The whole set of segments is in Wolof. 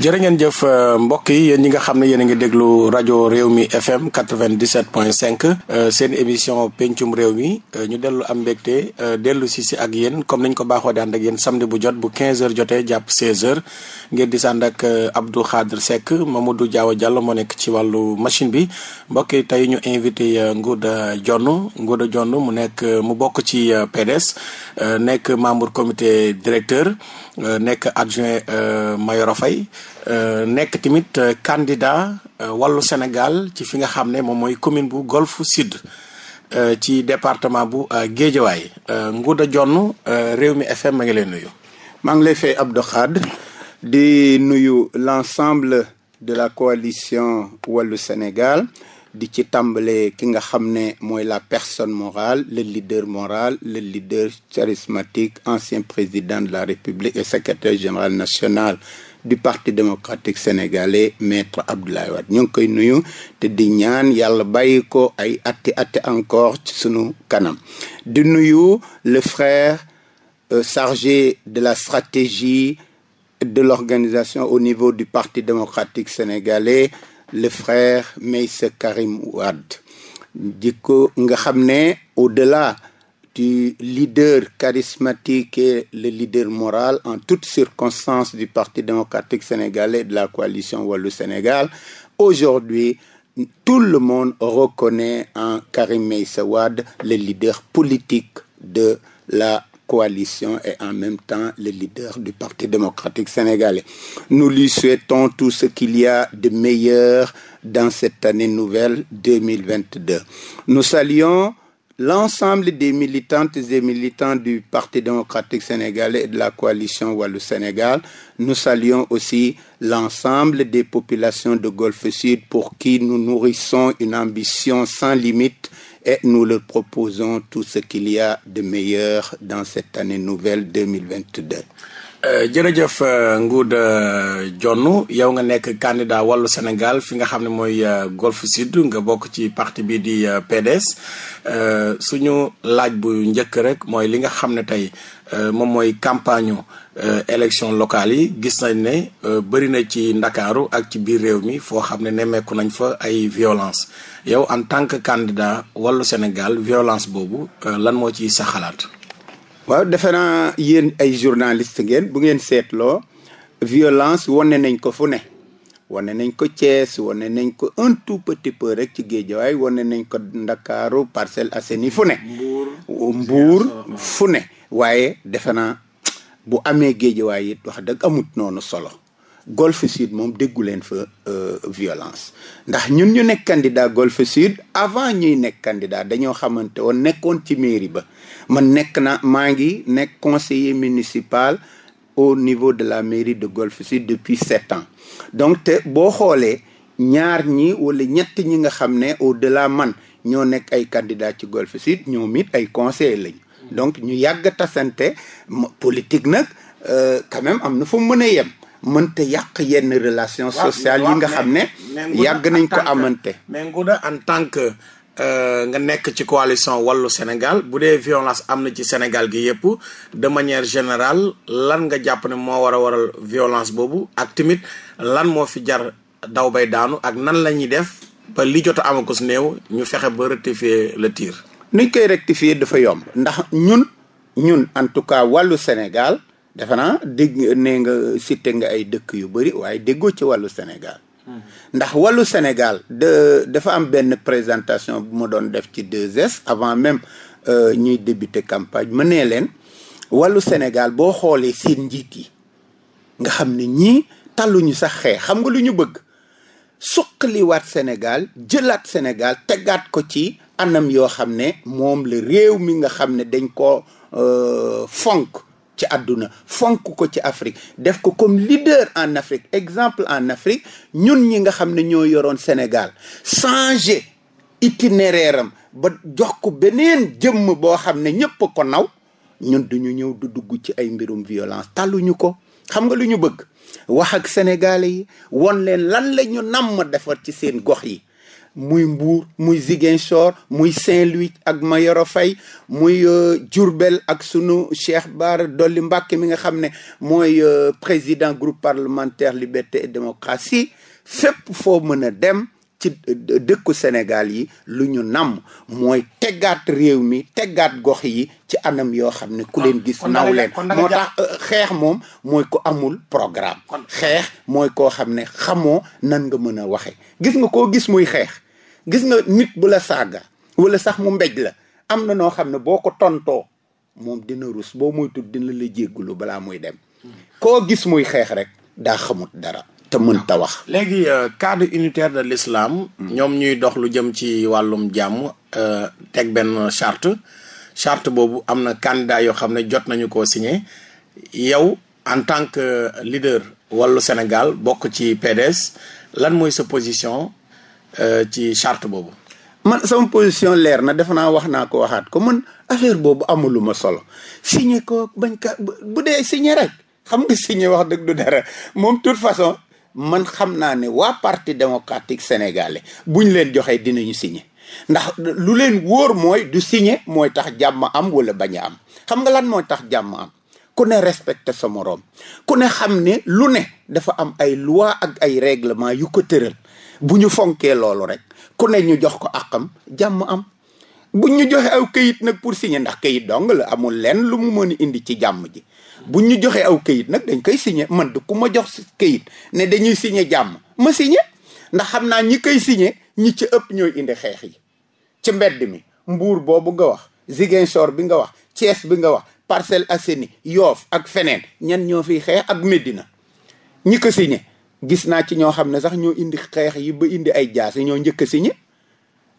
jërë ngeen jëf euh, mbokk yi ñi nga xam ne yéen a ngi déglu rajo réew mi FM 97.5 euh, seen émission pencum réew mi euh, ñu dellu am mbégte dellu si si ak yéen comme nañ ko baaxoo di ànd ak yéen bu jot bu 15h jotee jàpp 16h ngeen di sànd ak Abdou Khadre Seck Mamadou Diawa Diallo moo nekk ci wàllu machine bi mbokk yi tey ñu invité Ngouda Dionne Ngouda jonn mu nekk mu bokk ci PDS nekk membre comité directeur nekk adjoint Mayoro Faye Euh, nekk tamit euh, candidat euh, wàllu Sénégal ci fi nga xam ne moom mooy commune bu Golf Sud ci département bu Géejawaay Ngouda réew mi FM ma ngi lay nuyu. maa ngi lay fay Abdou Khad di nuyu l'ensemble de la coalition wàllu Sénégal di ci tàmbale ki nga xam ne mooy la personne morale le leader moral le leader charismatique ancien président de la République et secrétaire général national. du parti démocratique sénégalais maître Abdoulaye Wade ñu ngi koy nuyu te di ñaan yàlla bàyyi ko ay atti atti encore ci sunu kanam di nuyu le frère euh, de la stratégie de l'organisation au niveau du parti démocratique sénégalais le frère Meïssa Karim Wade di ko nga xam ne au-delà du leader charismatique et le leader moral en toutes circonstances du Parti démocratique sénégalais et de la coalition Wallou-Sénégal. Aujourd'hui, tout le monde reconnaît en Karim Meïssa Wade le leader politique de la coalition et en même temps le leader du Parti démocratique sénégalais. Nous lui souhaitons tout ce qu'il de meilleur dans cette année nouvelle 2022. Nous saluons l'ensemble des militantes et militants du Parti démocratique sénégalais et la coalition Wallou-Sénégal. Nous saluons aussi l'ensemble des populations de Golfe Sud pour qui nous nourrissons une ambition sans limite et nous tout ce qu'il y a de dans cette année nouvelle 2022. Euh, jërëjëf euh, Ngouda euh, jonn yow nga nekk candidat wàllu Sénégal fi nga xam ne mooy Golf Sud nga bokk ci parti bii di PDS suñu laaj bu njëkk rek mooy li nga xam ne tey moom mooy campagne élection locale yi gis nañ ne bëri na ci Ndakaaru ak ci biir réew mi foo xam ne nemmeeku nañ fa ay violence yow en tant que candidat wàllu Sénégal violence boobu lan moo ci sa xalaat waaw defe naa yéen ay journaliste ngeen bu ngeen seetloo violence wane nañ ko fu ne wane nañ ko Thiès wane nañ ko un tout petit peu rek ci Géejawaay wane nañ ko Ndakaaru Parcelles Assainies fu ne Mbuur fu ne waaye defe naa bu amee Géejawaay it wax dëgg amut noonu solo Golfe Sud moom déggu leen fa euh, violence ndax ñun ñu nekk candidat Golfe Sud avant ñuy nekk candidat dañoo xamante woon nekkoon ci mairie ba man nekk na maa ngi nekk conseiller municipal au niveau de la mairie de Golf Sud depuis sept ans donc te boo xoolee ñaar ñi wala ñett ñi nga xam ne au delà man ñoo nekk ay candidat ci Golf Sud ñoom it ay conseillers lañu. donc ñu yàgg tasante politique nag euh, quand même am na fu mu mën a yem. mënta yàq yenn relation sociale yi nga xam ne yàgg nañ ko amante Euh, nga nekk ci coalition wàllu Sénégal bu dee violence am na ci Sénégal gi yëpp de manière général lan nga jàpp ne moo war a waral violence boobu ak tamit lan moo fi jar daw bay daanu ak nan la ñuy def ba li jot a néew ñu fexe ba rectifier le tir. niñ koy rectifier dafa yomb ndax ñun ñun en tout cas wàllu Sénégal defe naa dégg nee nga cité nga ay dëkk yu bëri waaye déggoo ci wàllu Sénégal. ndax wàllu Sénégal de dafa am benn présentation bu ma doon def ci deux s avant même euh, ñuy débuter campagne ma nee leen wàllu Sénégal boo xoolee seen njiit yi nga xam ne ñii tàlluñu sax xee xam nga lu ñu bëgg suqaliwaat Sénégal jëlaat Sénégal teggaat ko ci anam yoo xam ne moom la réew mi nga xam ne dañ ko euh, fonk ci àdduna fonk ko ci Afrique def ko comme leader en Afrique exemple en Afrique ñun ñi nga xam ne ñoo yoroon Sénégal changer itinéraire ba jox ko beneen jëmm boo xam ne ñëpp ko naw ñun duñu ñëw du dugg ci ay mbirum violence tàlluñu ko xam nga lu ñu bëgg wax ak sénégalais yi won leen lan la ñu namm defar ci seen gox yi muy Mbour muy Ziguinchor muy Saint-Louis ak Mayoro fay muy euh, Diourbel ak sunu Cheikh Bara Dolly Mbacké mi nga xam ne mooy euh, président groupe parlementaire liberté et démocratie fépp foo mën a dem ci dëkku Sénégal yi lu ñu nam mooy tegaat réew mi tegaat gox yi ci anam yoo xam ne ku leen gis naw leen moo tax euh, xeex moom mooy ko amul programme xeex mooy koo xam ne xamoo nan nga mën a waxe gis nga koo gis muy xeex gis nga nit bu saaga wala sax mu mbéj la am na noo xam ne boo ko tontoo moom dina rus boo moytu dina la jéggulu balaa muy dem hmm. koo gis muy xeex rek daa xamut dara te mënta wax. léegi euh, cadre unitaire de l'islam. Mm. ñoom ñuy dox lu jëm ci wàllum jàmm euh, teg benn charte charte boobu am na candidat yoo xam ne jot nañu ko signé yow en tant que leader wàllu Sénégal bokk ci PDS lan mooy sa position euh, ci charte boobu. man sama position leer na defe naa wax naa ko waxaat ko mën affaire boobu amuluma solo signé ko bañ ka bu dee signé rek xam nga signé wax dëgg du dara moom toute façon man xam naa ne waa parti démocratique sénégalais buñ leen joxee dinañu signé ndax lu leen wóor mooy du signé mooy tax jàmm am wala bañ am xam nga lan mooy tax jàmm am ku ne respecté sa moroom ku ne xam ne lu ne dafa am ay loi ak ay règlement yu ko tëral bu ñu fonkee loolu rek ku ne ñu jox ko àqam jàmm am buñ ñu joxe aw kayit nag pour signé ndax kayit dong la amul leen lu mu mën a indi ci jàmm ji bu ñu joxee aw kayit nag dañ koy signé man du ku ma jox kayit ne dañuy signé jàmm ma signé ndax xam naa ñi koy signé ñi ci ëpp ñooy indi xeex yi ci mbedd mi mbuur boobu nga wax Ziguinchor bi nga wax Thiès bi nga wax Parcelles Assainies yoof ak feneen ñan ñoo fi xeex ak meddina ñi ko signé gis naa ci ñoo xam ne sax ñoo indi xeex yi ba indi ay jaas ñoo njëkk a signé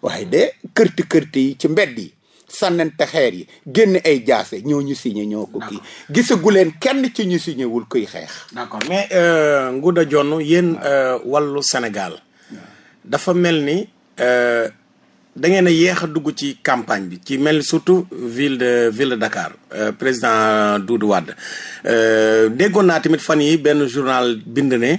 waaye de kërti kërti yi ci mbedd yi sànnante xeer yi génn ay jaase ñoo ñu signé ñoo ko kii gisagu leen kenn ci ñu signé kuy xeex. d'accord mais euh, Ngouda Dione yéen euh, wàllu Sénégal dafa mel ni euh, da ngeen a yéex a dugg ci campagne bi ci mel surtout ville de ville de Dakar président Doudou Wade déggoon naa tamit fan yi benn journal bind ne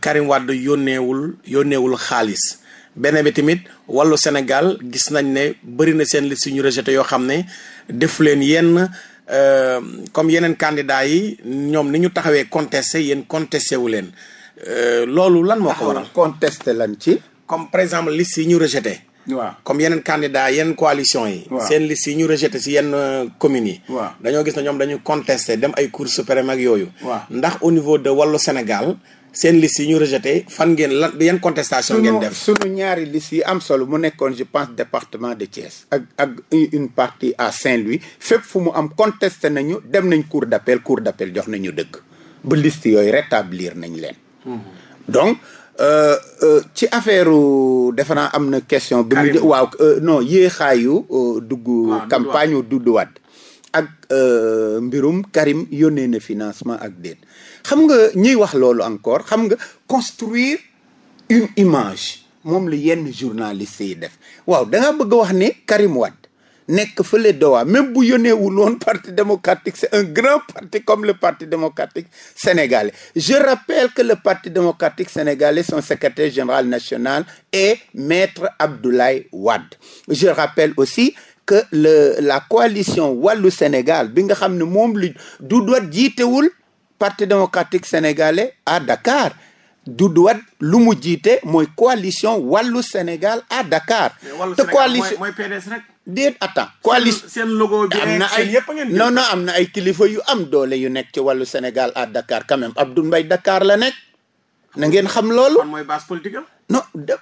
Karim Wade yónneewul yónneewul xaalis. beneen bi tamit wàllu Sénégal gis nañ ne bëri na seen liste yu ñu rejeté yoo xam ne defu leen yenn euh, comme yeneen candidats yi ñoom ni ñu taxawee contesté yéen contesté wu leen euh, loolu lan moo ko a contesté lan ci comme par exemple liste yi ñu rejeté waaw comme yeneen candidat yenn coalition yi seen liste yi ñu rejeté si yenn euh, communes yi waaw dañoo gis na ñoom dañu contesté dem ay cours suprême ak yooyu waaw ndax au niveau de wallu Sénégal seen liste yi ñu rejeté fan ngeen lan yan contestation ngeen def suñu ñaari liste yi am solo mu nekkoon je pense département de Thiès ak ak une partie à Saint-Louis fépp fu mu am contesté nañu dem nañ cour d'appel cour d'appel jox nañu dëgg ba list yooyu rétablir nañ leen mm-hmm. donc euh, euh, ci affaire defe naa am na question bi mu waaw euh, non yéexaayu dugg campagne u Doudou Wade ak euh, mbirum Karim yónnee na financement ak déet xam nga ñuy wax loolu encore xam nga construire une image moom la yenn journaliste yi def waaw da nga bëgg a wax ne Karim Wade nekk fële Doha même bu yónneewul woon parti démocratique c'est un grand parti comme le parti démocratique sénégalais je rappelle que le parti démocratique sénégalais son secrétaire général national est maître Abdoulaye Wade je rappelle aussi que la coalition wàllu Sénégal bi nga xam ne moom lu Doudou Wade jiitewul parti démocratique sénégalais à Dakar Doudou Wade lu mu jiite mooy coalition wallu Sénégal à Dakar. te coalition mooy PDS rek. coalition seen logo am na ay non non am na ay kilifa yu am doole yu nekk ci wàllu Sénégal à Dakar quand même mbay Mbaye Dakar la nekk na ngeen xam loolu. mooy base non de,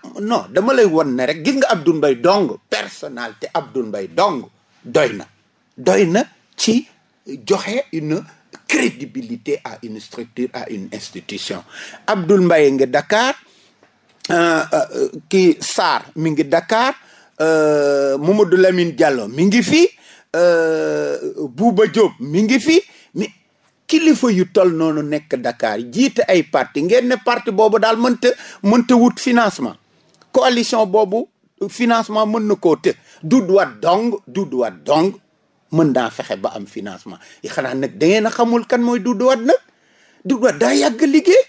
dama lay won ne rek gis nga Abdoul Mbaye dong personnalité Abdoul Mbaye dong doy na doy na ci joxe une crédibilité à une structure à une institution Abdoul mbay nga Dakar euh, euh, euh, kii Sarr mi ngi Dakar euh, Mamadou Lamine Diallo mi ngi fi euh, buuba Diop mi ngi fi kilifa yu toll noonu nekk dakaar jiite ay parti ngeen ne parti boobu daal mënta mënta wut financement coalition boobu financement mën na ko të duuduwaat dong duuduwaat dong mën naa fexe ba am financement yi xanaa nag da ngeen a xamul kan mooy du duuduwaat nag duuduwaat daa yàgg liggéey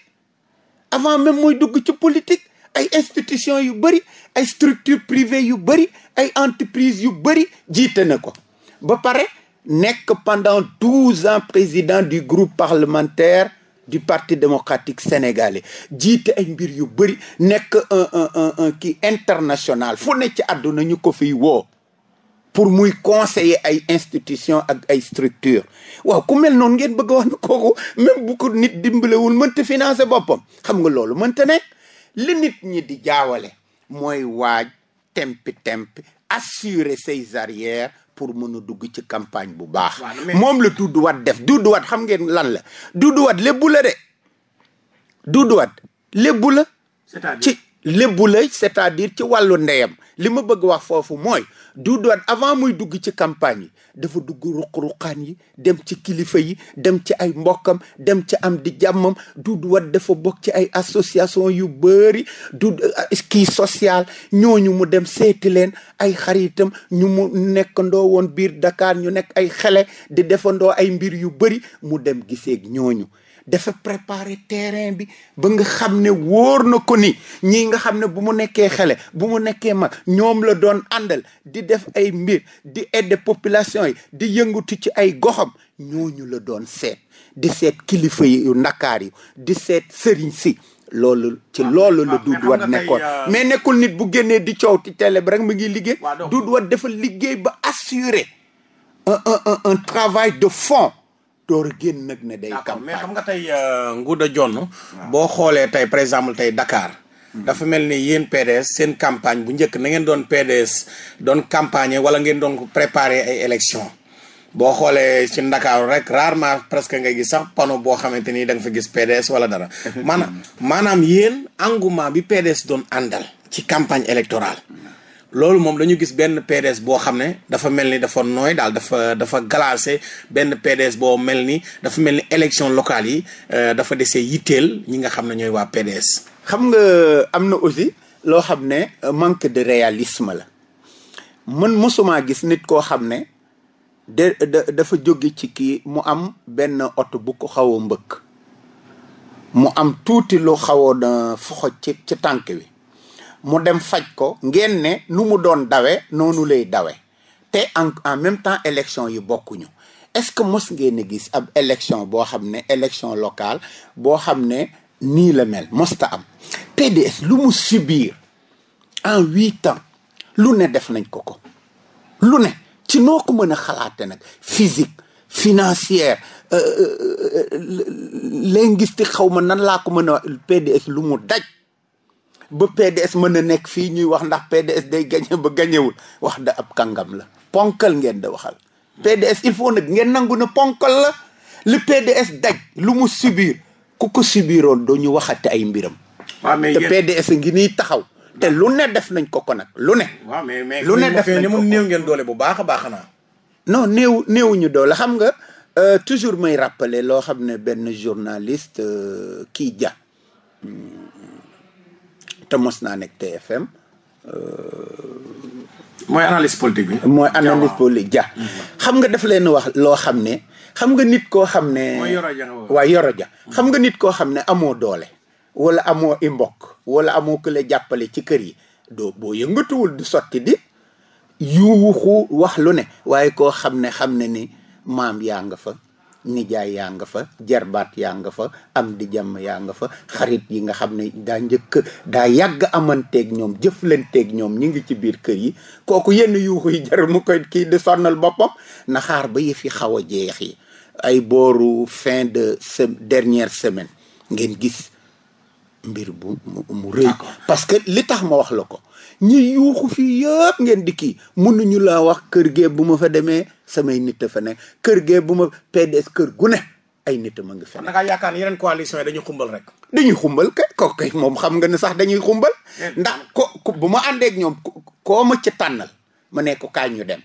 avant même mooy dugg ci politique ay institution yu bëri ay structure privée yu bëri ay entreprise yu bëri jiite na ko ba pare nekk pendant douze ans président du groupe parlementaire du parti démocratique sénégalais jiite ay mbir yu bëri nekk un un un un kii international fu ne ci àdduna ñu ko fiy woo pour muy conseiller ay institution ak ay structure waaw ku mel noonu ngeen bëgg a wax ne kooku même bu ko nit dimbalewul mënta financer boppam xam nga loolu mënta ne li nit ñi di jaawale mooy waaj tempi tempi assurer ses arrières pour mën a dugg ci campagne bu baax. moom la Doudou Wade def Doudou Wade xam ngeen lan la Doudou Wade lébbu la de Doudou Wade lébbu la. ci lébbu la c'est-à-dire ci wàllu ndeyam li ma bëgg wax foofu mooy. du doon avant muy dugg ci campagne yi dafa dugg ruq-ruqaan yi dem ci kilifa yi dem ci ay mbokkam dem ci am di jàmmam Doudou Wade dafa bokk ci ay association yu bëri du ski euh, social ñooñu mu dem seeti leen ay xaritam ñu mu nekkandoo woon biir Dakar ñu nekk ay xele di defandoo ay mbir yu bëri mu dem giseeg ñooñu dafa préparer terrain bi ba nga xam ne wóor na ko ni ñii nga xam ne bu mu nekkee xale bu mu nekkee mag ñoom la doon àndal di def ay mbir di aider population yi di yëngatu ci ay goxam ñooñu la doon seet di seet kilifa yi yu ndakaar yi di seet sëriñ si loolu ci ah, loolu la ah, Doudou Wade nekkoon euh, mais nekkul nit bu génnee di cow ci tele bi rek mu ngi liggéey Doudou Wade dafa liggéey ba assurer un un un travail de fond door a génn nag ne day. campagne mais xam nga tey euh, Ngouda Dionne. boo xoolee tey par exemple tey dakaar hmm. dafa mel ni yéen PDS seen campagne bu njëkk na ngeen doon PDS doon campagne wala ngeen doon préparer ay élections. boo xoolee ci ndakaaru rek rarement presque nga gis sax panneau boo xamante ni da nga fa gis PDS wala dara. maanaam maanaam yéen engouement bi PDS doon àndal. ci campagne électorale. Hmm. loolu moom dañu gis benn PDS boo xam ne dafa mel ni dafa nooy daal dafa dafa glacé benn PDS boo mel ni dafa mel ni élection locale yi euh, dafa dese yitteel ñi nga xam ne ñooy waa PDS. xam nga am na aussi loo xam ne euh, manque de réalisme la man mosuma gis nit koo xam ne de dafa jóge ci kii mu am benn oto bu ko xaw a mbëkk mu am tuuti lu xawoon euh, foxo ci ci tànk wi. mu dem faj ko ngeen ne nu mu doon dawe noonu lay dawe te en en même temps élection yi bokkuñu est-ce que mos ngeen a gis ab élection boo xam ne élection locale boo xam ne nii la mel mosta am PDS lu mu subir en huit ans lu ne def nañ ko ko lu ne ci noo ko mën a xalaate nag physique financière euh, euh, euh, linguistique xaw ma nan laa ko mën a PDS lu mu daj ba PDS mën a nekk fii ñuy wax ndax PDS day gañe ba gañewul wax da ab kàngam la ponkal ngeen da waxal PDS il faut nag ngeen nangu na ponkal la li PDS daj lu mu subir ku ko subiroon doo ñu waxate ay mbiram te PDS ngi nii taxaw te lu ne def nañ ko ko nag lu ne lu ne def nañ ko ko néew ngeen doole bu baax a baax naa non néew ñu doole xam nga euh, toujours may rappeler loo xam ne benn journaliste euh, kii ja te mos naa nekk TFM. Euh, mooy analyse politique bi. mooy analyse politique ja xam nga daf leen wax loo xam ne xam nga nit koo xam ne. mooy yoroja mm. xam nga nit koo xam ne amoo doole. wala amoo i mbokk wala amoo ku la jàppale ci kër yi doo boo yëngatuwul du sotti di yuuxu wax lu ne waaye koo xam ne xam ne ni maam yaa nga fa. nijaay yaa nga fa jarbaat yaa nga fa am di jàmm yaa nga fa xarit yi nga xam ne daa njëkk daa yàgg amanteeg ñoom jëflanteeg ñoom ñu ngi ci biir kër yi kooku yenn yuuxu yi jarul mu koy kii di sonnal boppam na xaar ba yëf xaw a jeex yi ay booru fin de sem dernière semaine ngeen gis mbir bu mu rëy parce que li tax ma wax la ko ñi yuuxu fii yëpp ngeen di kii mënuñu la wax kër gee bu ma fa demee samay nit a fa nekk kër gee bu ma PDS kër gu ne ay nit a ma nga fa nekk. da ngaa yaakaar yeneen coalition yi dañuy xumbal rek. dañuy xumbal kay ko kay moom xam nga ne sax dañuy xumbal. ndax ko bu ma àndeek ñoom koo ma ci tànnal ma ne ko kaay ñu dem.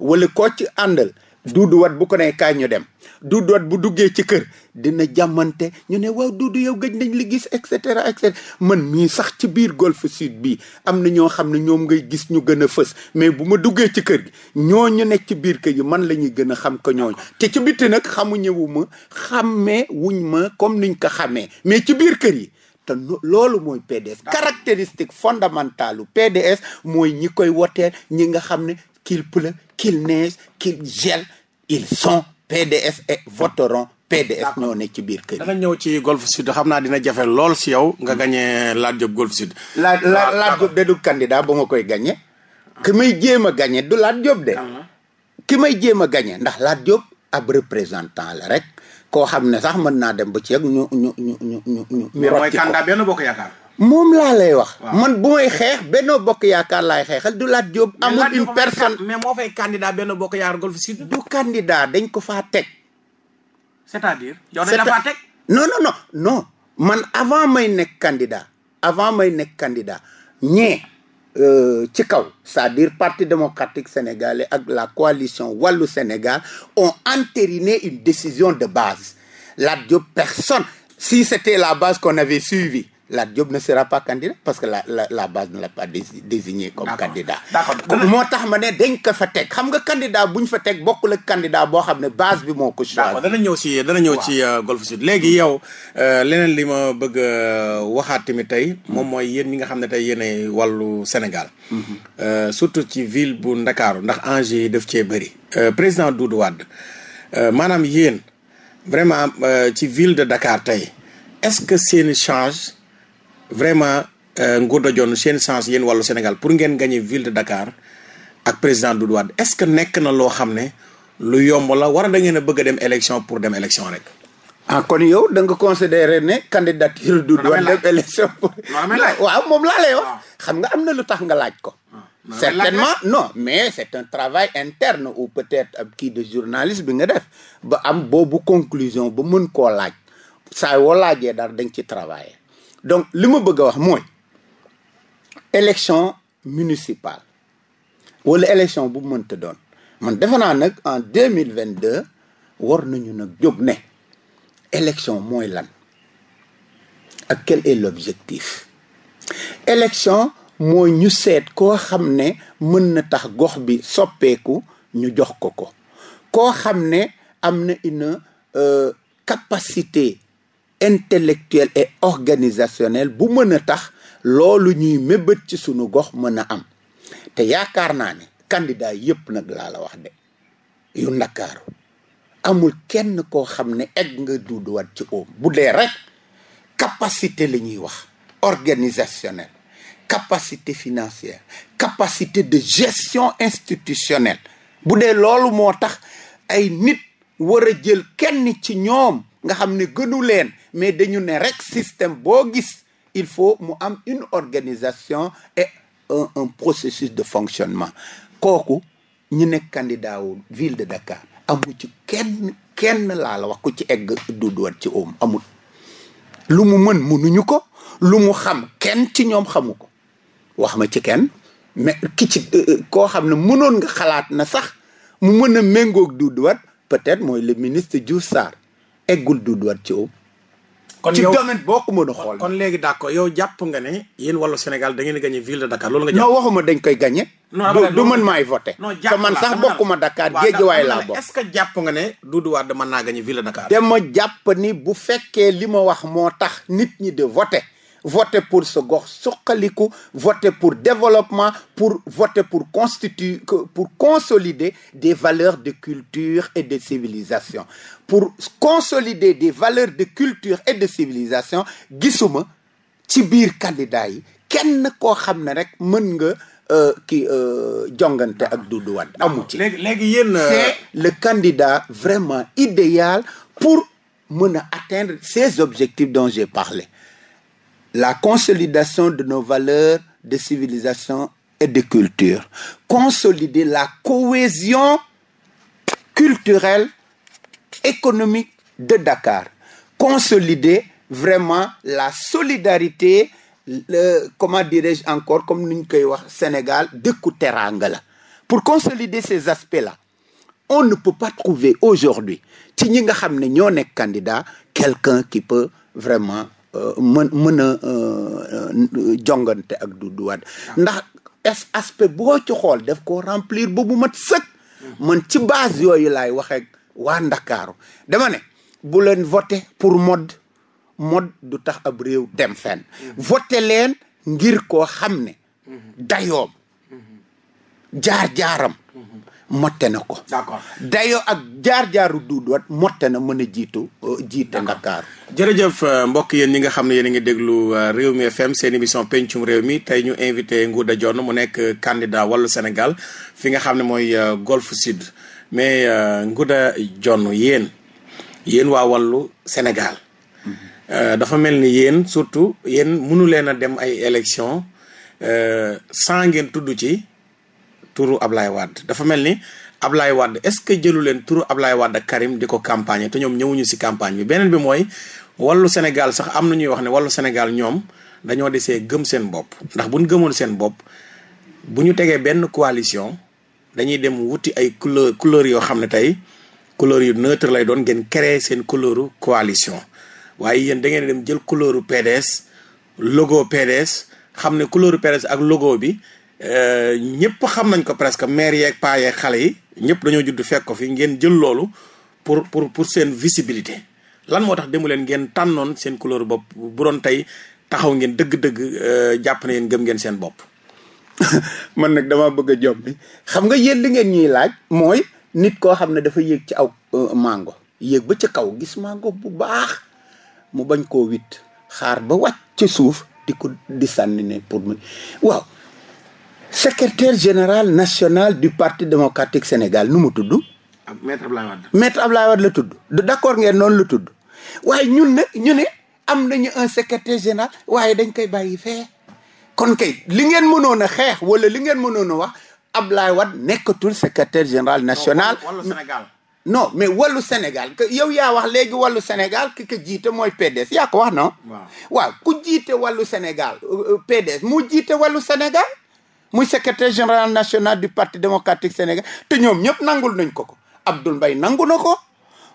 wala ko ci àndal duudu wat bu ko nee kaay ñu dem duudu wat bu duggee ci kër dina jàmmante ñu ne waaw duudu yow gëj nañ li gis et cetera et man mii sax ci biir golfe sud bii am na ñoo xam ne ñoom ngay gis ñu gën a fës mais bu ma duggee ci kër gi ñooñu nekk ci biir kër gi man la ñuy gën a xam ko ñooñu te ci bitti nag xamuñu wu ma xàmmee wuñ ma comme niñ ko xàmmee mais ci biir kër yi te loolu mooy PDS ah. caractéristique fondamentale u PDS mooy ñi koy woteel ñi nga xam ne qu'il pleut, qu'il neige, qu'il gèle, ils sont PDS et voteront PDS ñoo ci biir kër yi. ñëw ci Golf Sud xam naa dina jafel lool si yow nga hmm. gañe Lat Diop Golf Sud. Lat Lat Diop de du candidat ba ma koy gagné. ki may jéem a gagné du Lat Diop de. ki may jéem a gagné ndax Lat Diop ab représentant la rek koo xam ne sax mën naa dem ba ci yegg ñu ñu ñu ñu ñu. ñu rocc ko mais mooy benn boo ko moom laa lay wax. man booy may xeex Benno Bokk Yaakaar laay xeexal du Lat Diop. amul une personne mais moo fay candidat Benno Bokk Yaakaar Golf Sud. du candidat dañ ko faa teg. c'est-à-dire yow dañ la faa teg. man avant may nekk candidat avant may nekk candidat ñee euh, ci kaw c'est-à-dire Parti démocratique sénégalais ak la coalition Wallu Sénégal ont entériné une décision de base Lat Diop personne si c'était la base qu'on avait suivie Lat Diop na sera pas candidat parce que la la la base ne l'a pas désigné comme candidat moo tax ma ne dañ ko fa teg xam nga candidat bu ñu fa teg bokkul ak candidat boo xam ne base bi moo ko choisir dana ñëw si dana ñëw ci euh, léegi yow euh, leneen li ma bëgg euh, waxaat tamit tey mm-hmm. moom mooy yéen mi nga xam ne tey yenee wallu Sénégal mm-hmm. surtout ci ville bu Ndakaaru ndax enjeu def daf cee bëri président Doudou Wade maanaam yéen vraiment ci ville de Dakar tey est-ce que seen change vraiment euh, Ngouda Dione seen chance yéen wàllu Sénégal pour ngeen gagné ville de Dakar ak président Doudou Wade est-ce que nekk na loo xam ne lu yomb la war a da ngeen a bëgg dem élection pour dem élection rek. ah kon yow da nga considéré ne candidature Doudou Wade dem élection pour waaw moom laa lay ah. xam nga am na lu tax nga laaj ko ah. certainement no mais c'est un travail interne ou peut-être ab kii de journaliste bi nga def ba am boobu conclusion ba mën koo laaj saa woo laajee dara dañ ci travailler donc li ma bëgg a wax mooy élection municipale wala élection bu mënta doon man defe naa nag en deux mille vingt deux war nañu nag jóg ne élection mooy lan ak quel est l'objectif élection mooy ñu seet koo xam ne mën na tax gox bi soppeeku ñu jox ko ko koo xam ne am na une euh, capacité intellectuel et organisationnel bu mën a tax loolu ñuy mébét ci sunu gox mën a am te yaakaar naa ne candidat yëpp nag laa la wax de yu ndakaaru amul kenn koo xam ne egg nga duuduwaat ci oom bu dee rekk capacité la ñuy wax organisationnel capacité financière capacité de gestion institutionnelle bu dee loolu moo tax ay nit war a jël kenn ci ñoom nga xam ne gënu leen mais dañu ne rek système boo gis il faut mu am une organisation et un, processus de fonctionnement kooku ñi nekk candidat ville de Dakar amul ci kenn kenn laa la wax ku ci egg duuduwat ci oom amul lu mu mën mënuñu ko lu mu xam kenn ci ñoom xamu ko wax ma ci kenn mais ki ci euh, euh, koo xam ne mënoon nga xalaat na sax mu mën a méngoog duuduwat peut-être mooy le ministre Diouf Sarr eggul duuduwat ci oom kon ci domaine boo ko mën xool. kon léegi d'accord yow jàpp nga ne. yéen wàllu Sénégal da ngeen di gagné ville de Dakar loolu nga. jàpp non waxuma dañ koy gagné. non du man maay voté. non jàpp te man sax bokkuma Dakar géejewaay laa que jàpp nga ne Doudou Wade mën naa gagné ville de Dakar. te ma jàpp ni bu fekkee li ma wax moo tax nit ñi de voté. voter pour sa gox suqaliku voter pour développement pour voter pour constituer pour consolider des valeurs de culture et de civilisation pour consolider des valeurs de culture et de civilisation gisuma ci biir candidat yi kenn koo xam ne rek mën nga euh, ki euh, jongante ak Doudou Wade amu ci léegi yéen euh, c'est le candidat vraiment idéal pour mën a atteindre ces objectifs dont j'ai parlé la consolidation de nos valeurs de civilisation et de culture consolider la cohésion culturelle économique de Dakar, consolider vraiment la solidarité le comment dirais-je encore comme ni ñu koy wax Sénégal dëkku teraanga la pour consolider ces aspects-là on ne peut pas trouver aujourd'hui ci ñi nga xam ne ñoo nekk candidat quelqu'un qui peut vraiment euh, mën mën a euh, jongante ak Doudou Wade ndax es aspect boo ci xool daf ko remplir ba bu mat sëkk man ci base yooyu laay waxee waa ndakaaru dama ne bu leen pour mode mode du tax ab réew dem fenn vote leen ngir koo xam ne dayoom jaar-jaaram motte na ko d'accord dayoo ak jaar-jaaru duudwat motte na mën a jiitu euh, jiite ndakaaru jërëjëf euh, mbokk yéen ñi nga xam ne yéen a ngi déglu euh, réew mi fm seen émission pencum réew mi tey ñu invité Ngouda Dione mu nekk candidat wàllu Sénégal fi nga xam ne mooy Golf Sud mais euh, Ngouda jonn yéen yéen waa wallu Sénégal euh, dafa mel ni yéen surtout yéen mënu leen a dem ay élection euh, sans ngeen tudd ci turu Ablaye Wade dafa mel ni Ablaye Wade est-ce que jëlu leen turu Ablaye wadd ak Karim di ko campagne te ñoom ñëwuñu si campagne bi beneen bi mooy wallu Sénégal sax am na ñuy wax ne wàllu Sénégal ñoom dañoo desee gëm seen bopp ndax buñ gëmoon seen bopp bu ñu tegee benn coalition dañuy dem wuti ay couleur couleur yoo xam ne tey couleurs yu neutre lay doon ngeen créer seen couleuru coalition waaye yéen da ngeen dem jël couleuru pedes logo PDS xam ne couleuru PDS ak logo bi euh, ñëpp xam nañ ko presque maire yeeg paa yeeg xale yi ñëpp dañoo judd fekk ko fi ngeen jël loolu pour pour pour seen visibilité lan moo tax demu leen ngeen tànnoon seen couleur bopp bu doon tey taxaw ngeen dëgg-dëgg euh, jàpp na yéen gëm ngeen seen bopp man nag dama bëgg a jombi xam nga yéen li ngeen ñuy laaj mooy nit koo xam ne dafa yéeg ci aw euh, mango yéeg ba ca kaw gis mango bu baax mu bañ koo witt xaar ba wàcc ci suuf di ko di sànni ne pour mu waaw secrétaire général national du parti démocratique Sénégal nu mu tudd. Ah, maître Ablaye Wade. maître Ablaye Wade la tudd. d'accord ngeen noonu la tudd waaye ñun nag ñu ne am nañu un secrétaire général waaye dañ koy bàyyi fee. kon kay li ngeen mënoon a xeex wala li ngeen mënoon a wax Ablaye Wade nekkatul secrétaire général national. wàllu Sénégal. non mais wàllu Sénégal que yow yaa wax léegi wàllu Sénégal ki ko jiite mooy PDS yaa ko wax non. waaw waaw ku jiite wàllu Sénégal euh, euh, PDS mu jiite wallu Sénégal. muy secrétaire général national du parti démocratique Sénégal te ñoom ñëpp nangul nañ ko ko Abdoul Mbaye nangu na ko.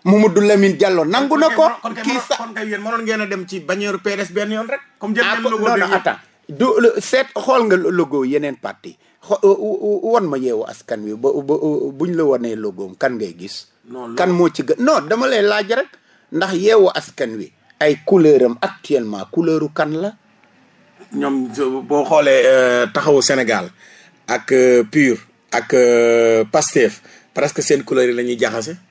Mamadou Lamine Diallo nangu na ko. kii sax kon kay kon a dem ci yoon rek. comme jël ah, nañ logo bi non du seet xool nga logo yeneen parti won ma yeewu askan wi ba ba buñ la wanee logoom kan ngay gis. kan moo ci gën non dama lay laaj rek ndax yeewu askan wi. ay couleur actuellement couleuru kan la. ñoom boo xoolee euh, taxawu Sénégal ak euh, PUR ak euh, PASTEF presque seen couleur yi lañuy ñuy jaxase.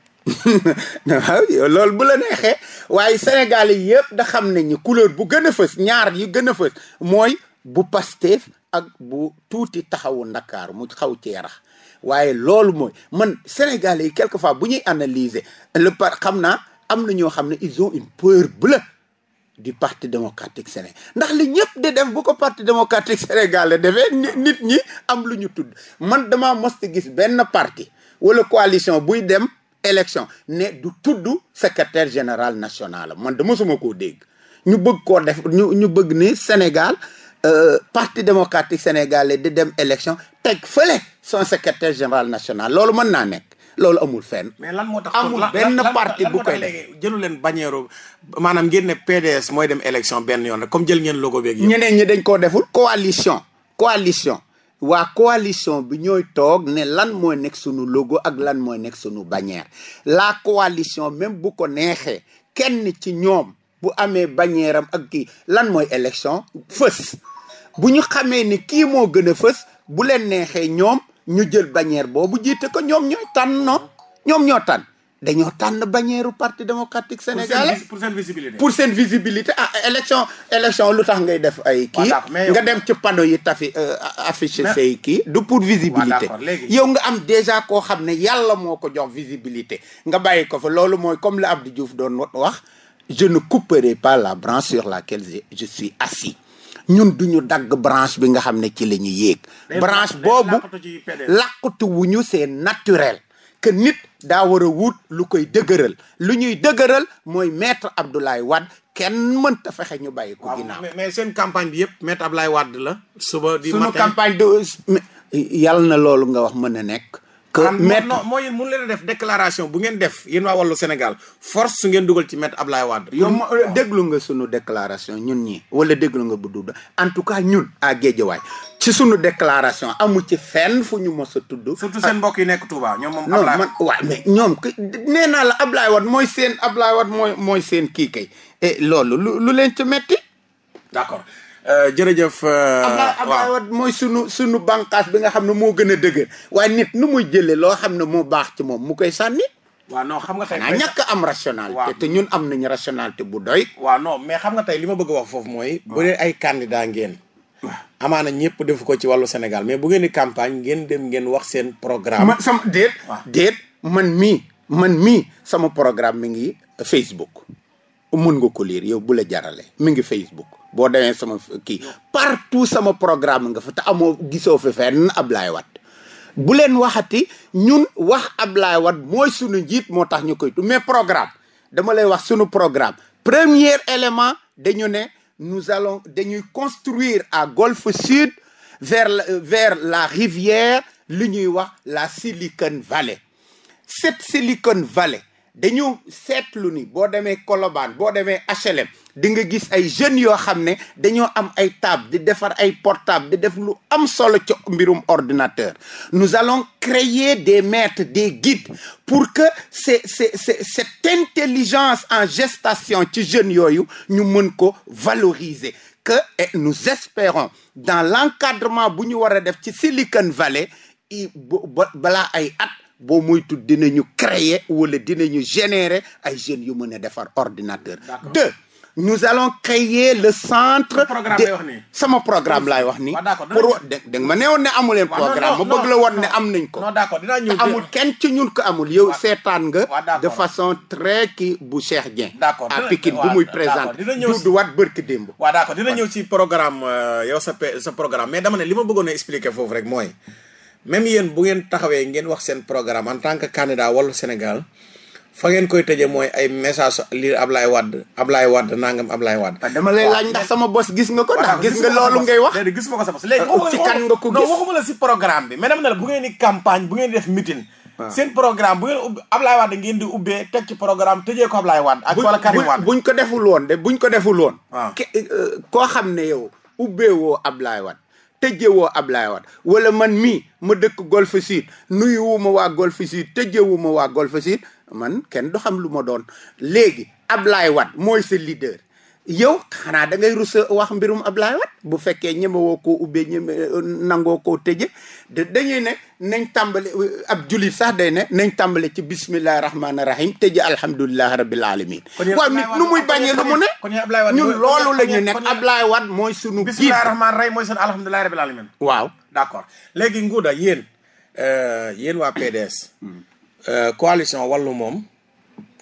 Ah, loolu bu la neexee waaye Sénégal yi yëpp da xam ne ñu couleur bu gën a fës ñaar yu gën a fës mooy bu Pastef ak bu tuuti taxawu ndakaaru mu xaw ci yarax waaye loolu mooy man Sénégalais yi quelque fois bu ñuy analyser le par xam naa am na ñoo xam ne ils une peur bleue du parti démocratique sénégalais ndax li ñëpp de def bu ko parti démocratique sénégalais defee nit ñi am lu ñu tudd man dama mos a gis benn parti wala coalition buy dem élection ne du tuddu secrétaire général nationale man dama suma koo dégg ñu bëgg koo def ñu ñu bëgg ne Sénégal Euh, parti démocratique sénégalais di dem élection teg fële son secrétaire général national loolu mën naa nekk loolu amul fen mais lan moo tax amul benn parti bu koy def jëlu leen bañeero maanaam ngeen ne PDS mooy dem élection benn yoon rek comme jël ngeen logo beeg yëpp. ñeneen ñi dañ koo deful coalition. coalition waa coalition bi ñooy toog ne lan mooy nekk sunu logo ak lan mooy nekk sunu bannière la coalition même bu ko neexee kenn ci ñoom. bu amee bañeeram am ak kii lan mooy élection fës bu ñu xamee ni kii moo gën a fës bu leen neexee ñoom ñu jël bannière boobu jiite ko ñoom ñooy tànn non ñoom ñoo tànn dañoo tànn bannière parti démocratique sénégalais pour seen visibilité pour seen visibilité ah élection élection lu tax ngay def ay kii nga dem ci panneau yi tafi euh, affiché say kii du pour visibilité yow nga am déjà koo xam ne yàlla moo ko jox visibilité nga bàyyi ko fa loolu mooy comme la Abdou Diouf doon wax je ne couperai pas la branche sur laquelle je suis assis ñun du ñu dagg branche bi nga xam ne ci la ñu yéeg branche boobu làqatu wuñu c'est naturel que nit daa war a wut lu koy dëgëral lu ñuy dëgëral mooy maître Abdoulaye Wade kenn mënta fexe ñu bàyyi ko ginnaaw mais seen campagne bi yëpp maître Abdoulaye Wade la suba di matin sunu campagne de na loolu nga wax mën a nekk que maître non moo mun leen def déclaration bu ngeen def yéen waa wàllu Sénégal force su ngeen dugal ci maître Ablaye Wade. yow euh, déglu nga sunu déclaration ñun ñii wala déglu nga bu dugub en tout cas ñun. à Guédiawaye ci sunu déclaration amu ci fenn fu ñu mos a tudd. surtout seen mbokk yi nekk Touba ñoom moom. Ablaye non man waaw nee naa la Ablaye mooy seen Ablaye mooy mooy seen kii kay. et loolu lu lu leen ci metti d'accord. Euh, jërëjëf. Euh, Abdoulaye Abdoulaye Wade mooy sunu sunu bànqaas bi nga xam ne moo gën a dëgër waaye nit nu muy jëlee loo xam ne moo baax ci moom mu koy sànni. waaw non xam nga tey xanaa ñàkk am rationalité te ñun am nañu rationalité bu doy. waaw non mais xam nga tey li ma bëgg a wax foofu mooy. bu dee ay candidat ngeen. amaana ñëpp defu ko ci wàllu Sénégal mais bu ngeen di campagne ngeen dem ngeen wax seen programme. man sama déet. déet man mii man mii sama programme mi ngi Facebook. mun nga ko liir yow bu la jarale mi ngi Facebook. boo demee sama kii partout sama programme nga fa ta amoo gisoo fi fenn Ablaye Wade bu leen waxati ñun wax Ablaye wat mooy sunu njiit moo tax ñu koy tu mais programme dama lay wax sunu programme premier élément dañu ne nous allons dañuy construire à golf Sud vers vers la rivière li ñuy wax la Silicon Valley cette Silicon Valley dañu seetlu ni boo demee Colobane boo demee HLM di nga gis ay jeunes yoo xam ne dañoo am ay table di defar ay portable di def lu am solo ci mbirum ordinateur nous allons créer des maîtres des guides pour que c'est c'est c'est cette intelligence en gestation ci jeunes yooyu ñu mën ko valoriser que et nous espérons dans l'encadrement bu ñu war a def ci Silicon Valley i ay at boo moytul dinañu créer wala dinañu générer ay jeunes yu mën a defar ordinateur deux nous allons créer le centre. programme lay wax sama programme laay wax nii. pour dégg ma ne woon ne amu leen programme ma bëgg la woon ne am nañ ko. non d'accord dinaa amul kenn ci ñun ko amul yow seetaan nga. de façon très kii bu Cheikh Dieng. d'accord à Pikine bu muy présente. du wat bërki démb. waaw d'accord dina ñëw ci programme euh, yow sa sa programme mais dama ne li ma bëggoon a foofu rek mooy même yéen bu ngeen taxawee ngeen wax seen programme en tant que candidat Wallu Sénégal. fa ngeen koy tëjee mooy ay message lii Ablaye Wade Ablaye Wade nangam Ablaye Wade. waaw dama lay laaj ndax sama bos gis nga ko. ndax gis nga loolu ngay wax. léegi gis ma ko ci kan nga ko gis si programme bi. mais dama ne bu ngeen di campagne bu ngeen di def seen programme bu ngeen ubbi Ablaye di ubbee teg ci programme tëjee ko Ablaye Wade. ak wala Karim Wade buñ ko deful woon de buñ ko deful woon. waaw eh, eh, koo xam ne yow ubbee woo Ablaye Wade. tëjewoo Ablaye waat wala man mii ma dëkk Golf Sud nuyuwuma waa Golf Sud tëjewuma waa Golf Sud man kenn du xam lu ma doon léegi Ablaye Wade mooy sa leader yow xanaa da ngay rus wax mbirum Ablaye Wade bu fekkee ñemewoo koo ubbee ñeme euh, nangoo koo tëje de dañuy ne nañ tàmbale euh, ab julit sax day ne nañ tàmbale ci bismillahi rahmaani rahim tëje alhamdulilahi rabbil alamin waaw nit nu muy bañee lu mu ne ñun loolu la ñu nekk Ablaye Wade mooy sunu bismillahi rahmaani rahim mooy sunu alhamdulilahi rabbil alamin waaw d'accord léegi Ngouda yéen euh, yéen waa PDS hmm. Euh, coalition wàllu moom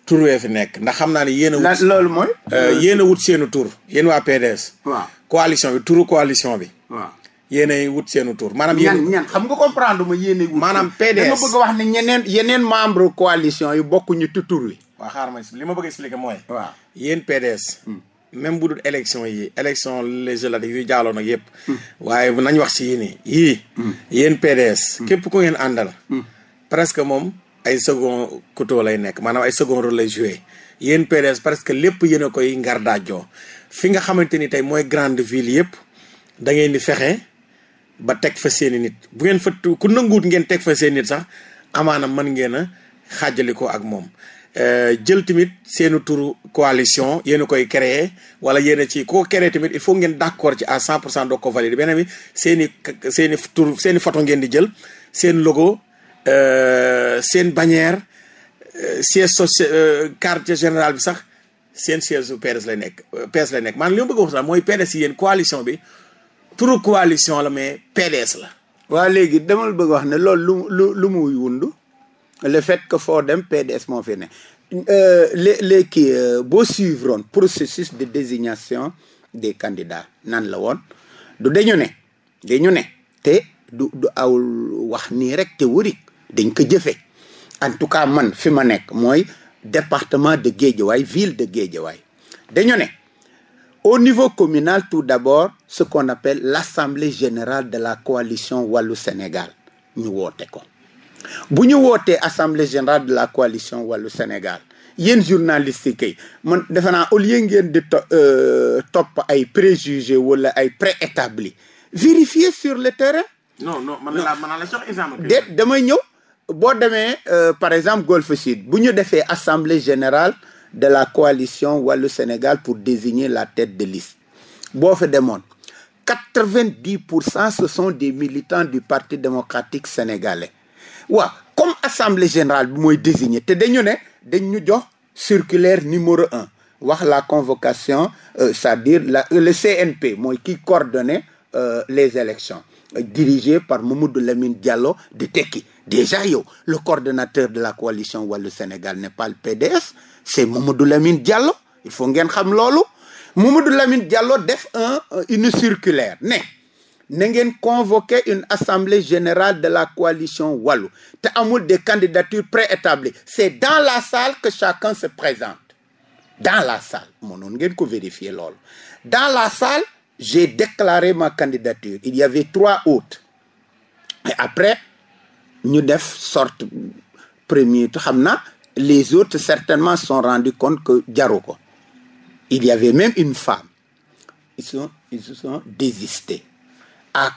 tur wee fi nekk ndax xam naa ne yéen a. wut loolu mooy. Euh, yéen wut seenu tur yéen waa PDS. waaw coalition bi turu coalition bi. waaw yéenay wut seenu tur maanaam. yéen ñan xam nga comprendre ma yéenay. maanaam PDS da nga ñeneen yeneen membre coalition yi bokkuñu ñu tur wi. waaw xaaral ma li ma bëgg a expliquer mooy. waaw yéen PDS. Hmm. même bu dul élection yi élection législative yu jaaloo ak yëpp. Hmm. waaye nañ wax si yii nii yii. Hmm. yéen PDS. képp ku ngeen àndal. presque moom. ay second couteau lay nekk maanaam ay second rôle lay joué yéen PDS parce que lépp yéen a koy ngardaajoo fi nga xamante ni tey mooy grande ville yëpp dangeen di fexe ba teg fa seeni nit bu ngeen fa ku nanguut ngeen teg fa seeni nit sax amaana mën ngeen a ko ak moom euh, jël tamit seenu turu coalition yéen a koy créer wala yéen ci koo créer tamit il faut ngeen d' accord ci à cent pour cent doo ko valider beneen bi seen i seen i tur seen i ngeen di jël seen logo Euh, seen bannière euh, siège soci euh, quartier général bi sax seen siège su PDS lay nekk PDS lay nekk maanaam li ma bëgg a sax mooy PDS yi yéen coalition bi pour coalition la mais PDS la. waa léegi dama bëgg wax ne lool lu lu lu muy wundu le fait que foo dem PDS moo fi ne. les les kii boo suivroon processus de désignation de candidats nan la woon du dañu ne ñu ne te du du awul wax nii rek te wëri dañ ko jëfee en tout cas man fi ma nekk mooy département de Guédiawaye ville de Guédiawaye dañu ne au niveau communal tout d'abord ce qu'on appelle l'assemblée générale de la coalition Wallu Sénégal ñu woote ko bu ñu wootee assemblée générale de la coalition Wallu Sénégal yéen journalistes yi kay man defe naa au lieu ngeen di to euh, topp ay préjugés wala ay préétablis vérifier sur le terrain. non non man la man damay ñëw. boo demee euh, par exemple Golf Sud bu ñu defee assemblée générale de la coalition wàllu Sénégal pour désigner la tête de liste boo fa demoon quatre-vingt-dix pour cent ce sont des militants du parti démocratique sénégalais waaw comme assemblée générale bi mooy désigner te dañu ne dañ ñu jox circulaire numéro un wax la convocation euh, c'est-à-dire la le CNP mooy kiy coordonner euh, les élections dirigé par Mamadou Lamine Diallo di Tekki déjà yow le coordonnateur de la coalition Wallu Sénégal n'est pas le PDS c'est Mamadou Lamine Diallo il faut ngeen xam loolu Mamadou Lamine Diallo def un euh, une circulaire ne na ngeen convoquer une assemblée générale de la coalition Wallu te amul des candidatures préétablies c'est dans la salle que chacun se présente dans la salle moo noonu ngeen ko vérifier loolu dans la salle j'ai déclaré ma candidature il y avait trois autres et après ñu def sorte premier tu xam na les autres certainement se sont rendus compte que jaru ko il y avait même une femme ils sont ils se sont désistés à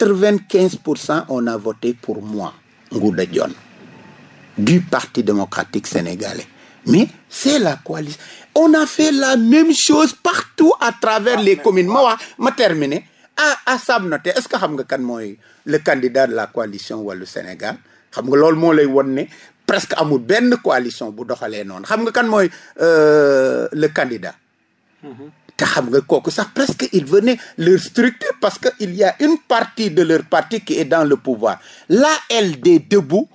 vingt quinze pour cent on a voté pour moi Ngouda Dione du Parti démocratique sénégalais mais c'est la coalition on a fait la même chose partout à travers les communes ma wax ma terminer à à Sam est-ce que xam nga kan mooy le candidat de la coalition Wallu Sénégal xam nga loolu moo lay won ne presque amul benn coalition bu doxalee noonu xam nga kan mooy euh, le candidat mm-hmm. te xam nga kooku sax presque il venait leur structure parce que il une partie de leur partie qui est dans le pouvoir la LD Debout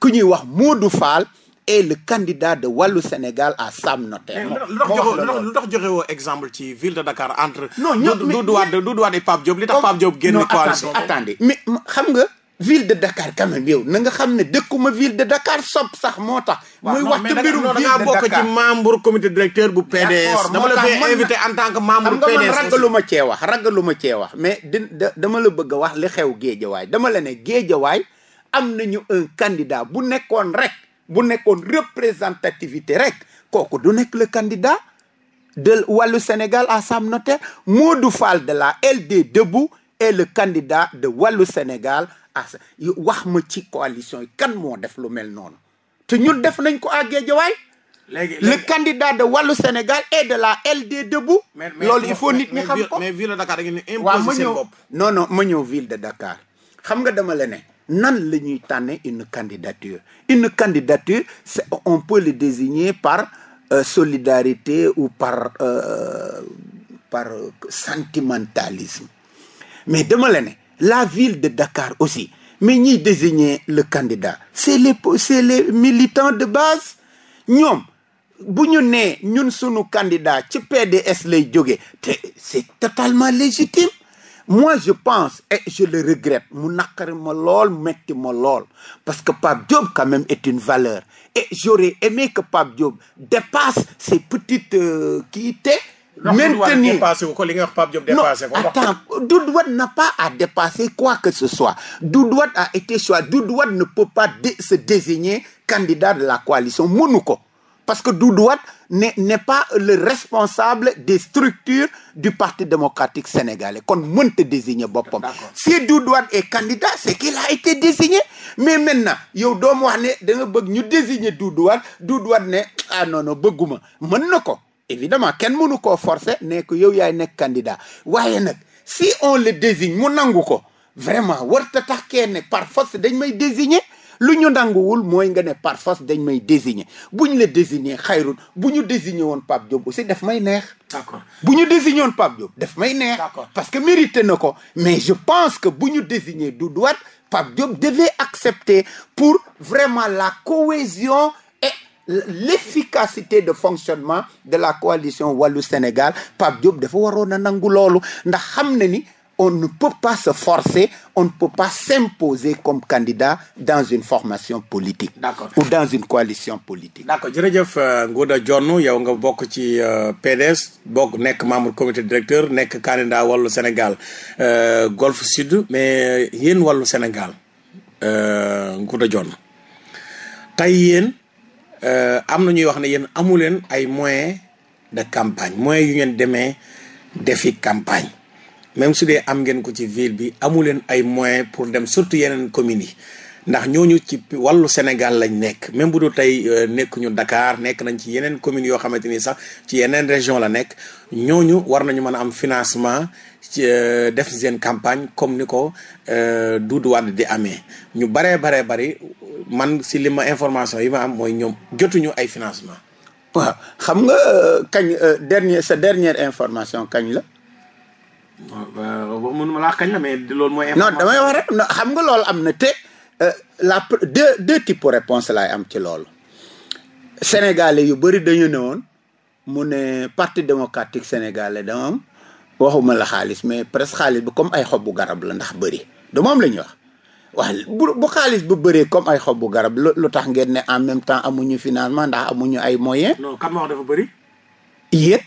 ku ñuy wax Modou Fall est le candidat de wàllu Sénégal à Sam Notaire. moom lu tax joxe woo exemple ci ville de Dakar entre. non ñoom mais Doudou Wade Doudou Wade Pape Diop li tax Pape Diop génn coalition. attendez mais xam nga. ville de Dakar quand même yow na nga xam ne dëkkuma ville de Dakar sopp sax moo tax. muy wax ci ville de Dakar bokk ci membre comité directeur bu PDS. dama en tant que membre PDS. xam nga cee wax ragalu ma cee wax mais dama la bëgg a wax li xew géejawaay dama la ne géejawaay am nañu un candidat bu nekkoon rek. bu nekkoon représentativité rek kooku du nekk le candidat de wàllu Sénégal à Sam Notaire Modou Fall de la LD Debout est le de wàllu Sénégal à wax ma ci coalition yi kan moo def lu mel noonu te ñun def nañ ko à Guédiawaye léegi le candidat de wàllu Sénégal et de la LD debout. loolu il faut nit ñi xam ko mais ville de Dakar da ngeen imposé ma ñëw non non ma ñëw ville de Dakar xam nga dama la ne. nan la ñuy tànne une candidature une candidature c'est on peut le désigner par euh, solidarité ou par euh, par euh, sentimentalisme mais dama la ne la ville de Dakar aussi mais ñiy désigner le candidat c'est les c'est les militants de base ñoom bu ñu nee ñun sunu candidat ci PDS lay jóge te c'est totalement légitime moi je pense et je le regrette mu naqari ma lool metti ma lool parce que Pape Diop quand même est une valeur et j'aurais aimé que Pape Diop dépasse ces petites kii euh, te maintenir dépassé ko li nga wax Pape Diop dépassé ko attends Doudou n'a pas à dépasser quoi que ce soit Doudou Wade a été choisi Doudou Wade ne peut pas se désigner candidat de la coalition mënu ko parce que Doudou Wade n'est n'est pas le responsable des structures du Parti démocratique sénégalais kon mënta désigner boppam si Doudou Wade est candidat c'est qu'il a été désigné mais maintenant yow doomu wax ne da bëgg ñu désigner Doudou Wade Doudou ne ah non bëgguma mën na ko évidemment kenn mënu ko forcé ne ko yow yaay nekk candidat waaye nag si on le désigne mu nangu ko vraiment warta tax kenn par force dañ may désigner lu ñu nanguwul mooy nga ne par force dañ may désigner bu ñu la désigner xayrun bu ñu désigner woon Pape Diop aussi def may neex. d'accord bu ñu désigner woon Pape Diop def may neex. parce que mérité na ko mais je pense que bu ñu désigner Doudou Wade Pape Diop devait accepter pour vraiment la cohésion. l'efficacité de fonctionnement de la coalition wàllu Sénégal Pape Diop dafa waroon a nangu loolu ndax xam na ni on ne peut pas se forcer, on ne peut pas s'imposer comme candidat dans une formation politique. d'accord ou dans une coalition politique. d'accord jërëjëf euh, Ngouda Dione yow nga bokk ci euh, PDS bokk nekk membre comité directeur nekk candidat wàllu senegal euh, Golf Sud mais yéen wàllu Sénégal Ngouda Dione tey yéen am na ñuy wax ne yéen amu leen ay moyens de campagne moyens yu ngeen demee defi campagne. même su dee am ngeen ko ci ville bi amu leen ay moyens pour dem surtout yeneen communes yi ndax ñooñu ci wàllu Sénégal lañ nekk même bu du tey euh, nekkuñu Dakar nekk nañ ci yeneen communes yoo xamante ni sax ci yeneen région la nekk ñooñu war nañu mën a am financement ci euh, def seen campagne comme ni ko euh, Doudou Wade di amee ñu baree baree bari man si li ma information yi ma am mooy ñoom jotuñu ay financement waaw xam nga kañ dernier sa dernière information kañ la mënuma la kañ la mais loolu mooy. non damay wax rek xam nga loolu am na te euh, la deux deux types réponse laay am ci loolu. Sénégalais yu bëri dañu ne woon mu ne parti démocratique sénégalais da moom waxuma la xaalis mais presque xaalis bi comme ay xob bu garab la ndax bëri du moom la ñuy wax. waaw bu bu xaalis bu bëree comme ay xob bu garab lu tax ngeen ne en même temps amuñu financement ndax amuñu ay moyen non kan ma wax dafa bëri. yéen.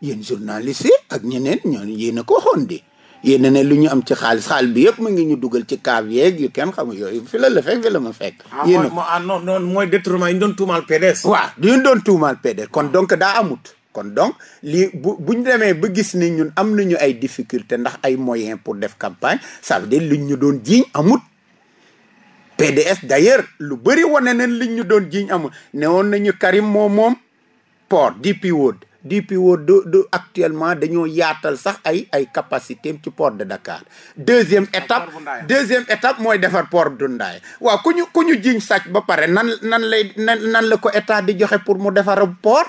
yéen journaliste ak ñeneen ñoo yéen ko waxoon di yéen ne lu ñu am ci xaalis xaalis bi yëpp mu ngi ñu dugal ci kaaf yeeg yu kenn xamul yooyu fi la la fekk fi ma fekk. Ah, yéen ah non non mooy détournement yi ñu doon tuumaal PDS. waaw ñu doon tuumaal PDS kon donc daa amut. kon donc lii bu buñ demee ba gis ni ñun am nañu ay difficulté ndax ay moyen pour def campagne ça veut dire ñu doon jiiñ amut. PDS d'ailleurs lu bëri wane nañ liñ ñu doon jiiñ amut ne woon nañu Karim moom moom port DP World DPO du du actuellement dañoo yaatal sax ay ay capacité ci port de Dakar deuxième étape deuxième étape mooy defar port du Ndaay waaw ku ñu ku ñu jiñ sàcc ba pare nan nan lay nan nan la ko état di joxe pour mu defar port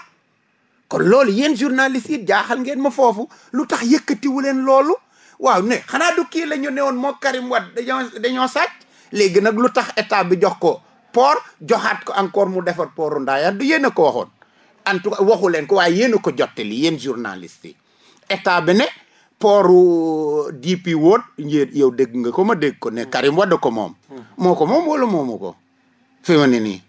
kon loolu yéen journalistes yi jaaxal ngeen ma foofu lu tax yëkkatiwu leen loolu waaw ne xanaa du kii la ñu newoon moo Karim Wade dañoo dañoo sàcc léegi nag lu tax état bi jox ko port joxaat ko encore mu defar portu Ndayane du yéen a ko waxoon en tout waxu leen ko waaye yéen a ko jottali yéen journaliste yi état bi ne pooru DP World njéet yow dégg nga ko ma dégg ko ne Karim Wade ko moom moo ko moom wala moomu ko fi ma ne nii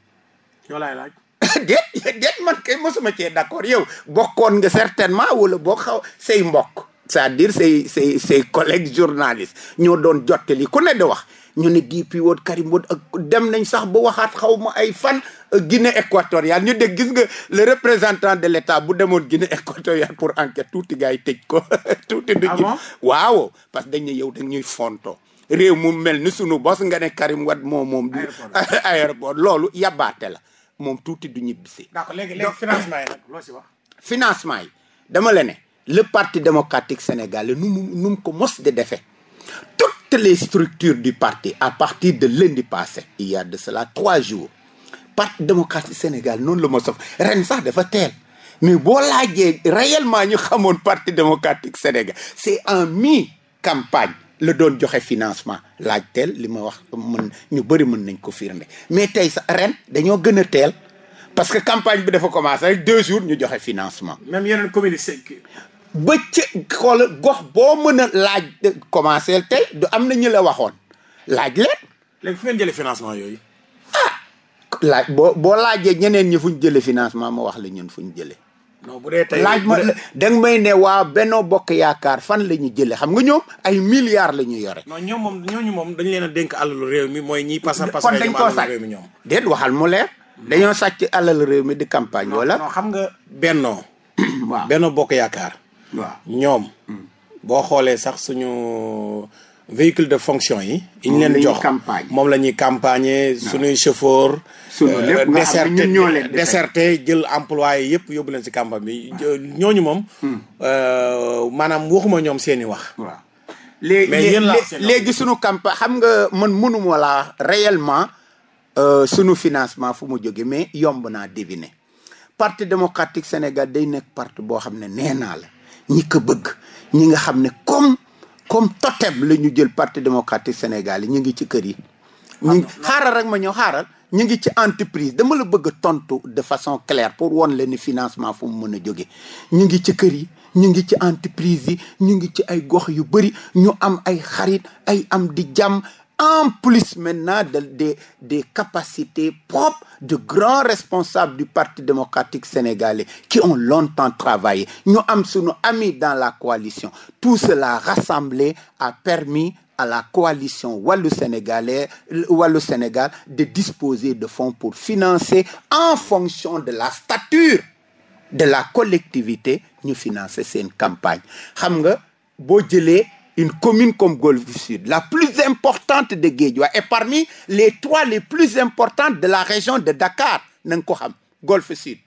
yow laay laaj déet déet man kay mosuma cee accord yow bokkoon nga certainement wala boo xaw say mbokk c'est-à-dire say say say collègues journalistes ñoo doon jottali ku ne di wax ñu ne DP World Karim Wade ak dem nañ sax ba waxaat xaw ma ay fan Guinée équatoriale ñu dégg gis nga le représentant de l'État bu demoon Guinée équatoriale pour enquête tuuti gars yi tëj ko tuuti du ah waaw parce que dañ ne yow dañ ñuy fonto réew mu mel ni sunu bos nga ne Karim Wade moom moom du aéroport loolu yabaate la moom tuuti du ñibbisi si léegi léegi financement yi nag loo ci wax financement yi dama la ne le parti démocratique sénégalais nu mu nu mu ko mos de defee toutes les structures du parti à partir de lundi passé il y a de cela trois jours parti démocratique Sénégal noonu la ma sof ren sax dafa teel mais boo laajee réellement ñu xamoon parti démocratique Sénégal c'est en mi campagne la doon joxe financement laaj teel li ma wax mën ñu bëri mën nañ ko firnde mais tey sax ren dañoo gën a teel parce que campagne bi dafa commencé rek deux jours ñu joxe financement. même yeneen communes ba ci xool gox boo mën a laaj commencé tey du am na ñu la waxoon laaj leen. léegi fu ngeen jëlee financement yooyu. laaj boo boo laajee ñeneen ñi fu ñu jëlee financement ma wax leen ñun fu ñu jëlee. non bu dee tey laaj ma da nga may ne waa Benno Bokk Yaakaar fan la ñu jëlee xam nga ñoom ay milliards la ñu yore. non ñoom moom ñu moom dañ leen a dénk alalu réew mi mooy ñiy pasar pasar kon dañ koo sàcc réew mi ñoom. déet waxal mu leer. dañoo sàcc alal réew mi di campagne. wala non xam nga. Benno. waaw Bokk Yaakaar. waaw ñoom. Mm. boo xoolee sax suñu. véhicule de fonction yi. yi ñu leen jox moom la ñuy campagne suñuy chauffeur. sunu euh, lépp nga xam leen déserté jël employé yëpp yóbbu leen si campagne bi. ñooñu moom. Hmm. Euh, maanaam waxuma ñoom seen i wax. waaw léegi suñu sunu campagne xam nga man mënu ma laa réellement euh, sunu financement fu mu jóge mais yomb naa deviner. parti démocratique Sénégal day nekk parti boo xam ne nee naa la ñi ko bëgg ñi nga xam ne comme. comme totem la ñu jël parti démocratique Sénégal yi ñu ngi ci kër yi. ñu xaaral rek ma ñëw xaaral ñu ngi ci entreprise dama la bëgg a tontu de façon claire pour won leen ni financement fu mu mën a jóge ñu ngi ci kër yi. ñu ngi ci entreprise yi ñu ngi ci ay gox yu bëri ñu am ay xarit ay am di jàmm en plus maintenant de, de, des capacités propres de grands responsables du Parti démocratique sénégalais qui ont longtemps travaillé ñu am sunu ami dans la coalition tout cela rassemblé a permis à la coalition Wallu Sénégalais Wallu Sénégal de disposer de fonds pour financer en fonction de la stature de la collectivité ñu financer seen campagne xam nga boo jëlee une commune comme Golfe Sud, la plus importante de Guédiawaye et parmi les trois les plus importantes de la région de Dakar na nga ko xam Golfe Sud.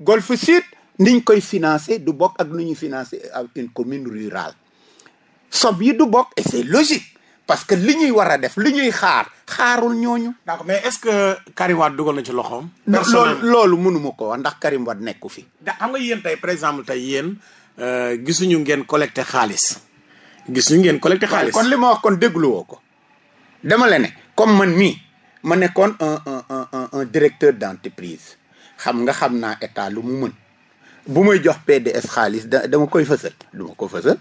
Golfe Sud ni koy financer du bokk ak nu ñuy financer une commune rurale sob yi du bokk et c'est logique parce que li ñuy war a def li ñuy xaar xaarul ñooñu. d'accord mais est-ce que Karim Wade dugal na ci loxoom. personnellement loolu mënuma ko wax ndax Karim Wade nekku fi. ndax xam nga yéen tey par exemple tey yéen euh, gisuñu ngeen collecté xaalis. gis ñu ngeen collecté xaalis kon li ma wax kon déglu woo ko dama la ne comme man mii ma nekkoon un un un un directeur d'entreprise xam nga xam naa état lu mu mën bu may jox PDS xaalis da dama koy fësal du ma ko fësal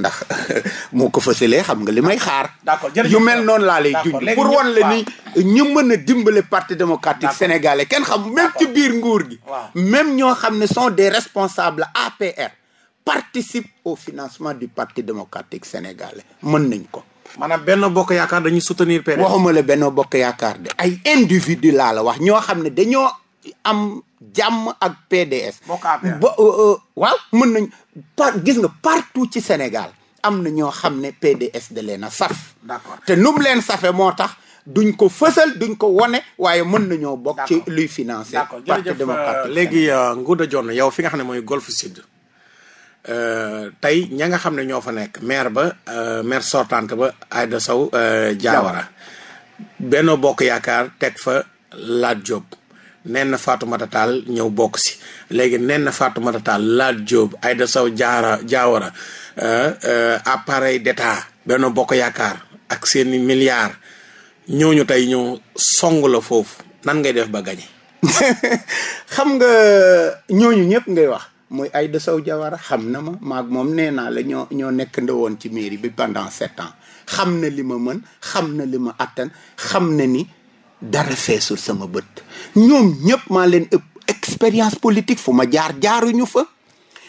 ndax moo ko fësalee xam nga li may xaar. d'accord jërëjëf yu mel noonu laa lay junj pour wan la ni ñu mën a dimbale parti démocratique sénégalais kenn xam même ci biir nguur gi. même ñoo xam ne son des responsables APR. participe au financement du parti démocratique sénégalais mën nañ ko. maanaam benn bokk yaakaar dañuy soutenir PDS. E. waxuma le benn bokk yaakaar de. ay individu laa la wax ñoo xam ne dañoo am jàmm ak PDS. E. bo euh, euh, waaw mën nañ gis nga partout ci Sénégal am na ñoo xam ne PDS da leen a saf. d'accord te nu leen safe moo tax. duñ ko fësal duñ ko wone waaye mën nañoo bokk. ci luy financer. parti euh, démocratique léegi Ngouda Dione yow fi nga xam ne mooy Golf Sud. Euh, tey ña nga xam ne ñoo fa nekk maire ba euh, maire sortante ba Aïda Sow euh, Diawara Benno Bokk Yaakaar teg fa Lat Diop nen na Fatoumata ñëw bokk si léegi nen na Fatoumata Tall Lat Diop Aïda Sow Diawara Diawara appareil d'État benn Bokk Yaakaar ak seeni milliards ñooñu tey ñëw song foofu nan ngay def ba gañe xam nga ñooñu ñëpp ngay wax muy Aïda Sow Diawara xam na ma maag moom nee naa la ñoo ñoo nekk ndawoon ci mairie bi pendant sept ans xam na li ma mën xam na li ma attan xam na ni dara feesul sama bët ñoom ñëpp ma leen ëpp expérience politique fu ma jaar jaaruñu fa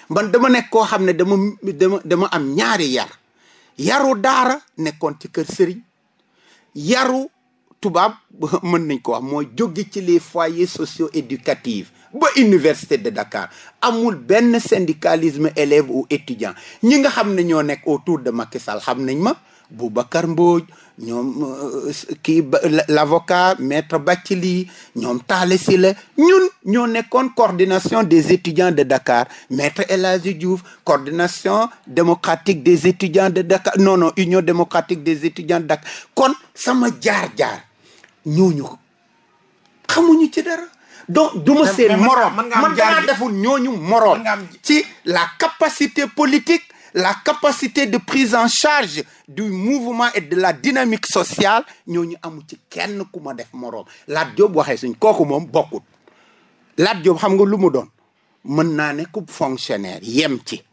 man dama nekk koo xam ne dama dama dama am ñaari yar yaru daara nekkoon ci kër sëriñ yaru tubaab mën nañ ko wax mooy jóge ci les foyers socio éducatifs ba université de Dakar amul benn syndicalisme élève ou étudiant ñi nga xam ne ñoo nekk autour de Macky Sall xam nañ ma Boubacar Mbodj ñoom euh, kii l'avocat maître Bathily ñoom Talla Sylla ñun ñoo nekkoon coordination des étudiants de Dakar maître El Hadji Diouf coordination démocratique des étudiants de Dakar non non union démocratique des étudiants de Dakar kon sama jaar-jaar ñooñu xamuñu ci dara donc du ma seen moroom man danaa deful ñooñu moroom ci la capacité politique la capacité de prise en charge du mouvement et de la dynamique sociale ñooñu amu ci kenn ku ma def moroom Lat Diop waxee suñ kooku moom bokkut Lat Diop xam nga lu mu doon mën naa ne ku fonctionnaire yem ci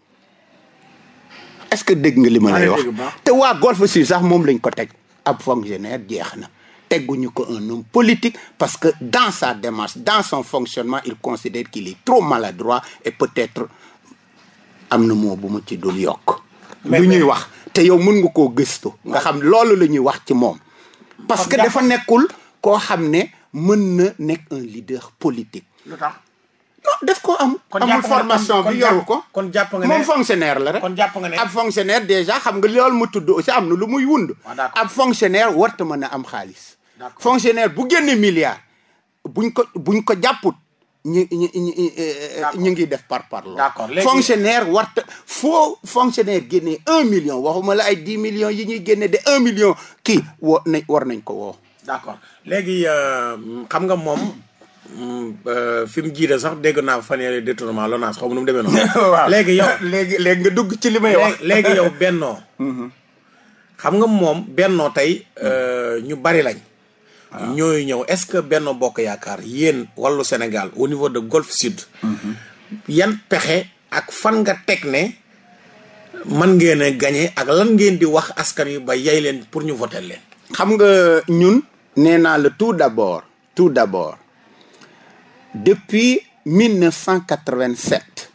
est-ce que dégg nga li ma lay wax te waa Golf si sax moom lañ ko teg ab fonctionnaire jeex na teguñu ko un homme politique parce que dans sa démarche dans son fonctionnement il considère qu'il est trop maladroit et peut-être am na moo bu mu ci dul yokk lu ñuy wax te yow mën nga koo gëstu nga xam loolu la ñuy wax ci moom parce que dafa nekkul koo xam ne mën na nekk un leader politique lu tax non ko am amul formation bi yoru ko kon jàpp nga ne moom fonctionnaire la rek kon nga ne ab fonctionnaire déjà xam nga loolu ma tudd aussi am na lu muy wund ah, ab fonctionnaire warta mën a am xaalis fonctionnaire bu génne milliard buñ ko buñ ko jàpput ñu ñu ñu ngi def par par loolu fonctionnaire warta foo fonctionnaire génnee un million waxuma la ay dix millions yi ñuy génne de un million kii wo war nañ ko woo d'accord léegi euh, xam nga moom euh, fi mu jiite sax dégg naa fan yële détournement LONASE xaw demee noonu. waaw léegi yow léegi léegi nga dugg ci li may léegi yow bennoo. Mhm. xam nga moom bennoo tey euh, ñu bari lañ. Ah. ñooy ñëw est-ce que benn Bokk Yaakaar yéen wàllu Sénégal au niveau de Golfe Sud mm-hmm. yan pexe ak fan nga teg ne man ngeen gañe ak lan ngeen di wax askan yu ba yay leen pour ñu voter leen xam nga ñun nee naa la tout d'abord tout d'abord depuis 1987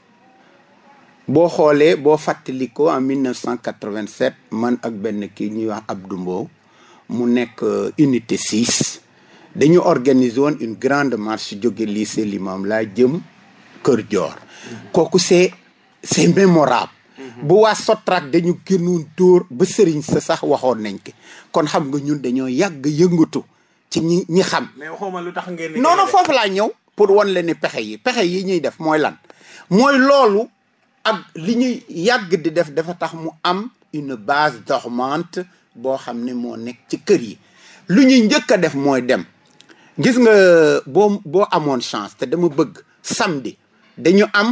boo xoolee boo fàttalikoo en 1987 man ak benn kii ñuy wax ab Mbow mu nekk euh, unité 6 dañu organiser woon une grande marche jóge lycée Limamoulaye jëm Kër Dior kooku c'est c'est mémorable mhm. bu waa Sotrac dañu gënoon dóor ba sëriñ sa sax waxoon nañ ko kon xam nga ñun dañoo yàgg yëngatu ci ñi ñi xam mais waxuma lu tax ngeen non non laa ñëw pour wan leen ni pexe yi pexe yi ñuy def mooy lan mooy loolu am li ñuy yàgg di def dafa tax mu am une base dormante boo xam ne moo nekk ci kër yi lu ñuy njëkk a def mooy dem gis nga boo boo amoon chance te dama bëgg samedi dañu am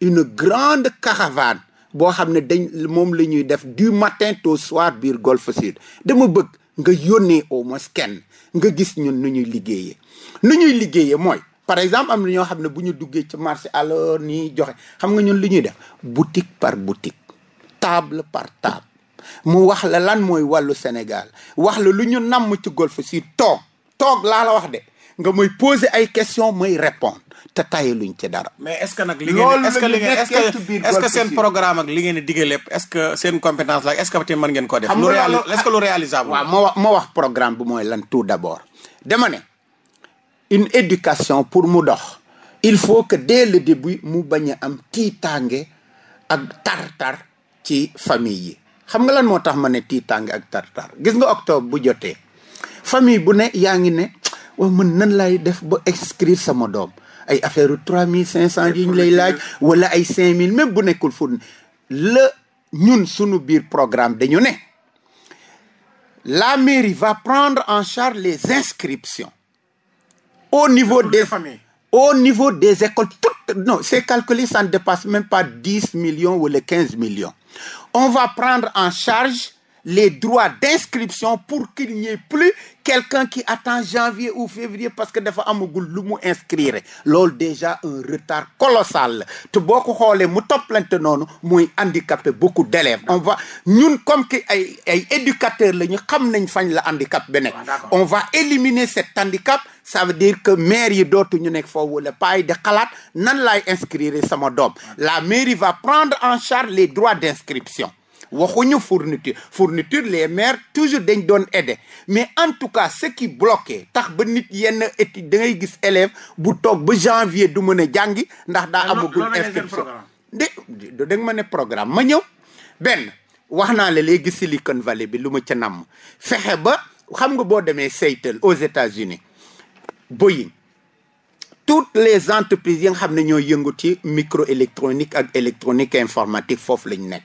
une grande caravane boo xam ne dañ moom la ñuy def du matin au soir biir Golf Sud dama bëgg nga yónnee au moins kenn nga gis ñun nu ñuy liggéeyee nu ñuy liggéeyee mooy par exemple am na ñoo xam ne bu ñu duggee ci marché alors nii joxe xam nga ñun lu ñuy def boutique par boutique table par table mu wax la lan mooy wàllu Sénégal wax la lu ñu nam mu ci Golf si toog toog laa la wax de nga mooy pose ay question mooy répondre te taye luñ ci dara. mais est ce que nag li ngeen est ce est ce que seen programme ak li ngeen di diggee lépp est ce que seen compétence la est ce que tamit mën ngeen ko def. lu réalisable. moo wax moo wax programme bi mooy lan tout d' abord dama ne une éducation pour mu dox. il faut que dès le début mu bañ a am tiitaange ak tar-tar ci famille yi. xam nga lan moo tax ma ne tiitàng ak tartar gis nga octobre bu jotee famille bu ne yaa ngi ne waaw man nan lay def ba inscrire sama doom ay affaire trois mille cinq cent yi lay laaj wala ay cinq mille même bu nekkul fun la ñun sunu biir programme dañu ne la mairie va prendre en charge les inscriptions au niveau des familles au niveau des écoles toutes non c'est calculé ça ne dépasse même pas dix millions wala quinze millions On va prendre en charge les droits d'inscription pour qu'il n'y ait plus quelqu'un qui attend janvier ou février parce que dafa amagul lu mu inscrire loolu déjà un retard colossal la te boo ko xoolee mu topplante noonu muy handicapé beaucoup d'élèves on va ñun comme que ay ay éducateurs la ñu xam nañ fañ la handicap bi nekk ah, on va éliminer cet handicap ça veut dire que maire yi dootu ñu nekk foofu la payi de xalaat nan laay inscrirer sama doom ah. la mairie va prendre en charge les droits d'inscription waxuñu fourniture fourniture les maires toujours dañ doon aider mais en tout cas ce qui tax ba nit yenn étude da ngay gis élève bu toog ba janvier du mën a jàngi ndax daa amagul inscription de da nga programme ma ñëw benn wax naa la léegi Silicon Valley bi lu ma ca namm fexe ba xam nga boo demee Seattle aux États-Unis Boeing toutes les entreprises yi nga xam ne ñoo yëngu ci microélectronique ak électronique informatique foofu lañ nekk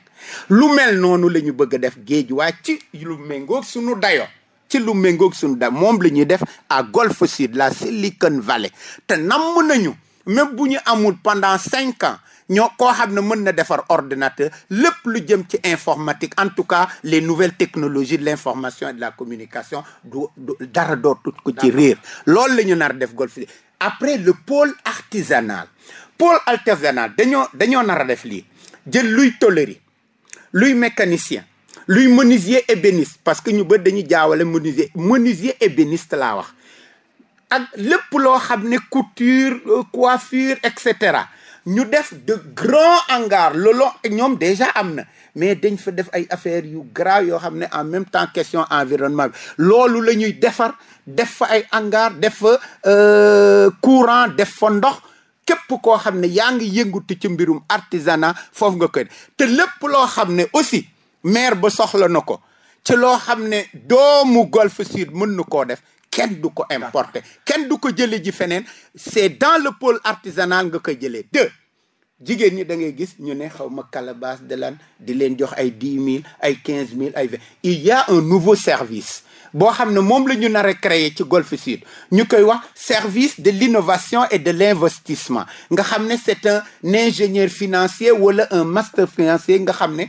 lu mel noonu la ñu bëgg a def Guédiawaye ci lu méngoog suñu dayo ci lu méngoog suñu dayo moom la ñuy def à Golfe Sud la Silicon Valley te namm nañu même bu ñu amul pendant cinq ans ñoo koo xam ne mën na defar ordinateur lépp lu jëm ci informatique en tout cas les nouvelle technologies de l'information et de la communication du dara dootu ko ci réer loolu la ñu nar def Golf Sud après le pôle artisanal dañoo nar a def lii jël luy tolleri luy mécanicien luy menuisier ébéniste parce que ñu bët dañuy jaawale menuisier menuisier ébéniste laa wax ak lépp loo xam ne couture euh, coiffure et cetera ñu def de grands hangars loolu ñoom déjà am na mais dañ fa def ay affaires yu grave yoo xam ne en même temps question environnement bi loolu la ñuy defar def fa ay hangars def fa euh, courant def fa képp koo xam ne yaa ngi yëngutu ci mbirum artisanat foofu nga koy te lépp loo xam ne aussi maire ba soxla na ko ci loo xam ne doomu Golf Sud mën na koo def kenn du ko importer kenn du ko jële ji feneen c'est dans le pôle artisanal nga koy jëlee deux jigéen ñi da ngay gis ñu ne xawma ma de lan di leen jox ay dix mille ay quinze mille ay vingt il y a un nouveau service boo xam ne moom la ñu nar a créer ci Golf Sud ñu koy wax service de l'innovation et de l'investissement nga xam ne c'est un ingénieur financier wala un master financier nga xam ne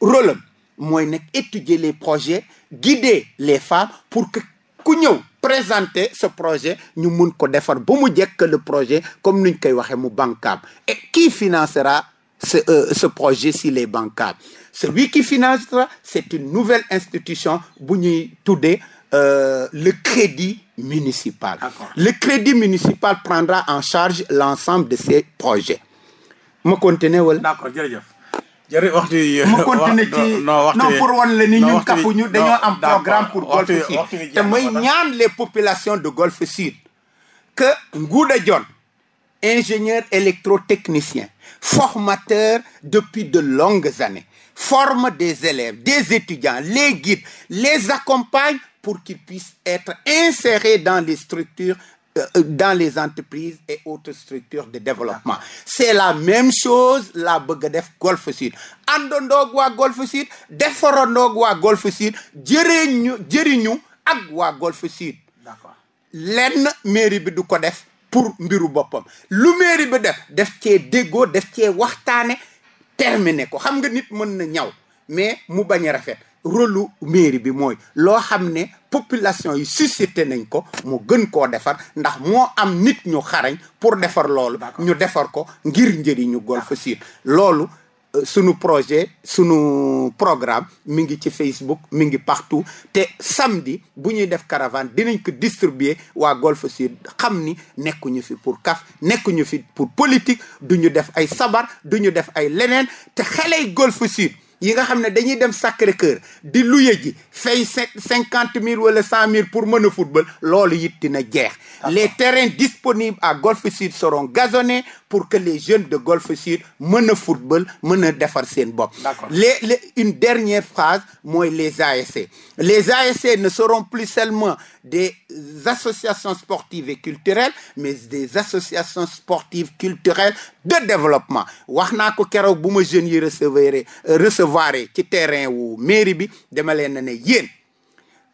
rôle mooy nag étudier les projets guider les femmes pour que ku ñëw présenter ce projet ñu mun ko defar ba mu jekk le projet comme nuñ koy waxee mu bancable e qui financera ce, euh, ce projet s'il est bancable celui qui financera c'est une nouvelle institution bu ñuy tuddee euh, le crédit municipal D'accord. le crédit municipal prendra en charge l'ensemble de ces projets ma continuer wala jërëjëf jërëjëf waxtu yi mu continuer ci non pour wan la ni ñun kafuñu am programme pour Golf Sud te mooy ñaan les populations de Golf Sud que Ngouda Dione ingénieur électrotechnicien formateur depuis de longues années forme des élèves des étudiants les guides les accompagne pour qu'ils puissent être insérés dans les structures euh, euh, dans les entreprises et autres structures de développement c'est la même chose la bëgg a def Golf Sud àndandoog waa Golf Sud defarandoog waa Golf Sud jëriñu jëriñu ak Sud lenn mairie bi du ko def pour mbiru boppam lu mairie bi def def cee dégo def cee waxtaane terminé ko xam nga nit mën na ñaw mais mu bañ a rafet rôlu mairie bi mooy loo xam ne population yi suscité nañ ko mu gën koo defar ndax moo am nit ñu xarañ pour defar loolu ñu defar ko ngir njëriñu Golf Sud loolu sunu projet sunu programme mi ngi ci Facebook mi ngi partout te samedi bu ñuy def caravane dinañ ko distribuer waa Golf Sud xam ni nekkuñu fi pour kaf nekkuñu fi pour politique du ñu def ay sabar du ñu def ay leneen te xeley Golf Sud yi nga xam ne dañuy dem Sacré-Cœur di luye ji fay cinquante mille wala cent mille pour mën a football loolu it dina jeex les terrains disponible à Golf Sud seront gazonnés pour que les jeunes de Golf Sud mën a football mën a defar seen bopp les les une dernière phrase mooy les ASC les ASC ne seront plus seulement des associations sportives et culturelles mais des associations sportives culturelles de développement wax naa ko keroog bu ma jeunes yi recevoir recevoir ci terrain wu mairie bi dama leen ne yéen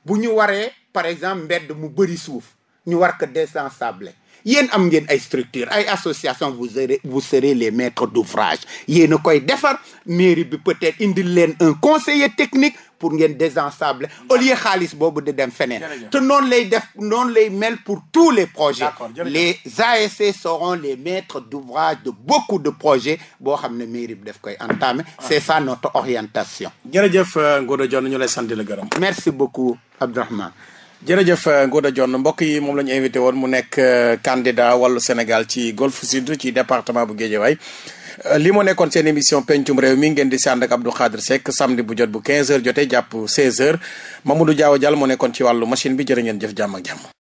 bu ñu waree par exemple mbedd mu bëri suuf ñu war ko désensabler yéen am ngeen ay structure ay association vous serez vous serez les maîtres d'ouvrage yéen a koy defar mairie bi peut-être indil leen un conseiller technique pour ngeen désensabler au lieu xaalis boobu di dem feneen te noon lay def noonu lay mel pour tous les projets les ASC seront les maîtres d'ouvrage de beaucoup de projets boo xam ne mairie bi daf koy entamer ah. c'est ça notre orientation jërëjëf euh, Ngodo Dione ñu lay sant di la gërëm merci beaucoup Abdourahmane jërëjëf euh, Ngoda Dione mbokk yi moom la ñu invité woon mu nekk euh, candidat wàllu Sénégal ci Golf Sud ci département bu Guédiawaye euh, li moo nekkoon seen émission pencum réew mi ngeen di si ànd ak Abdou Khadre Seck bu jot bu 15h jotee jàpp 16h Mamadou jaawa Dial moo nekkoon ci wàllu machine bi jërë ngeen jëf jàmm ak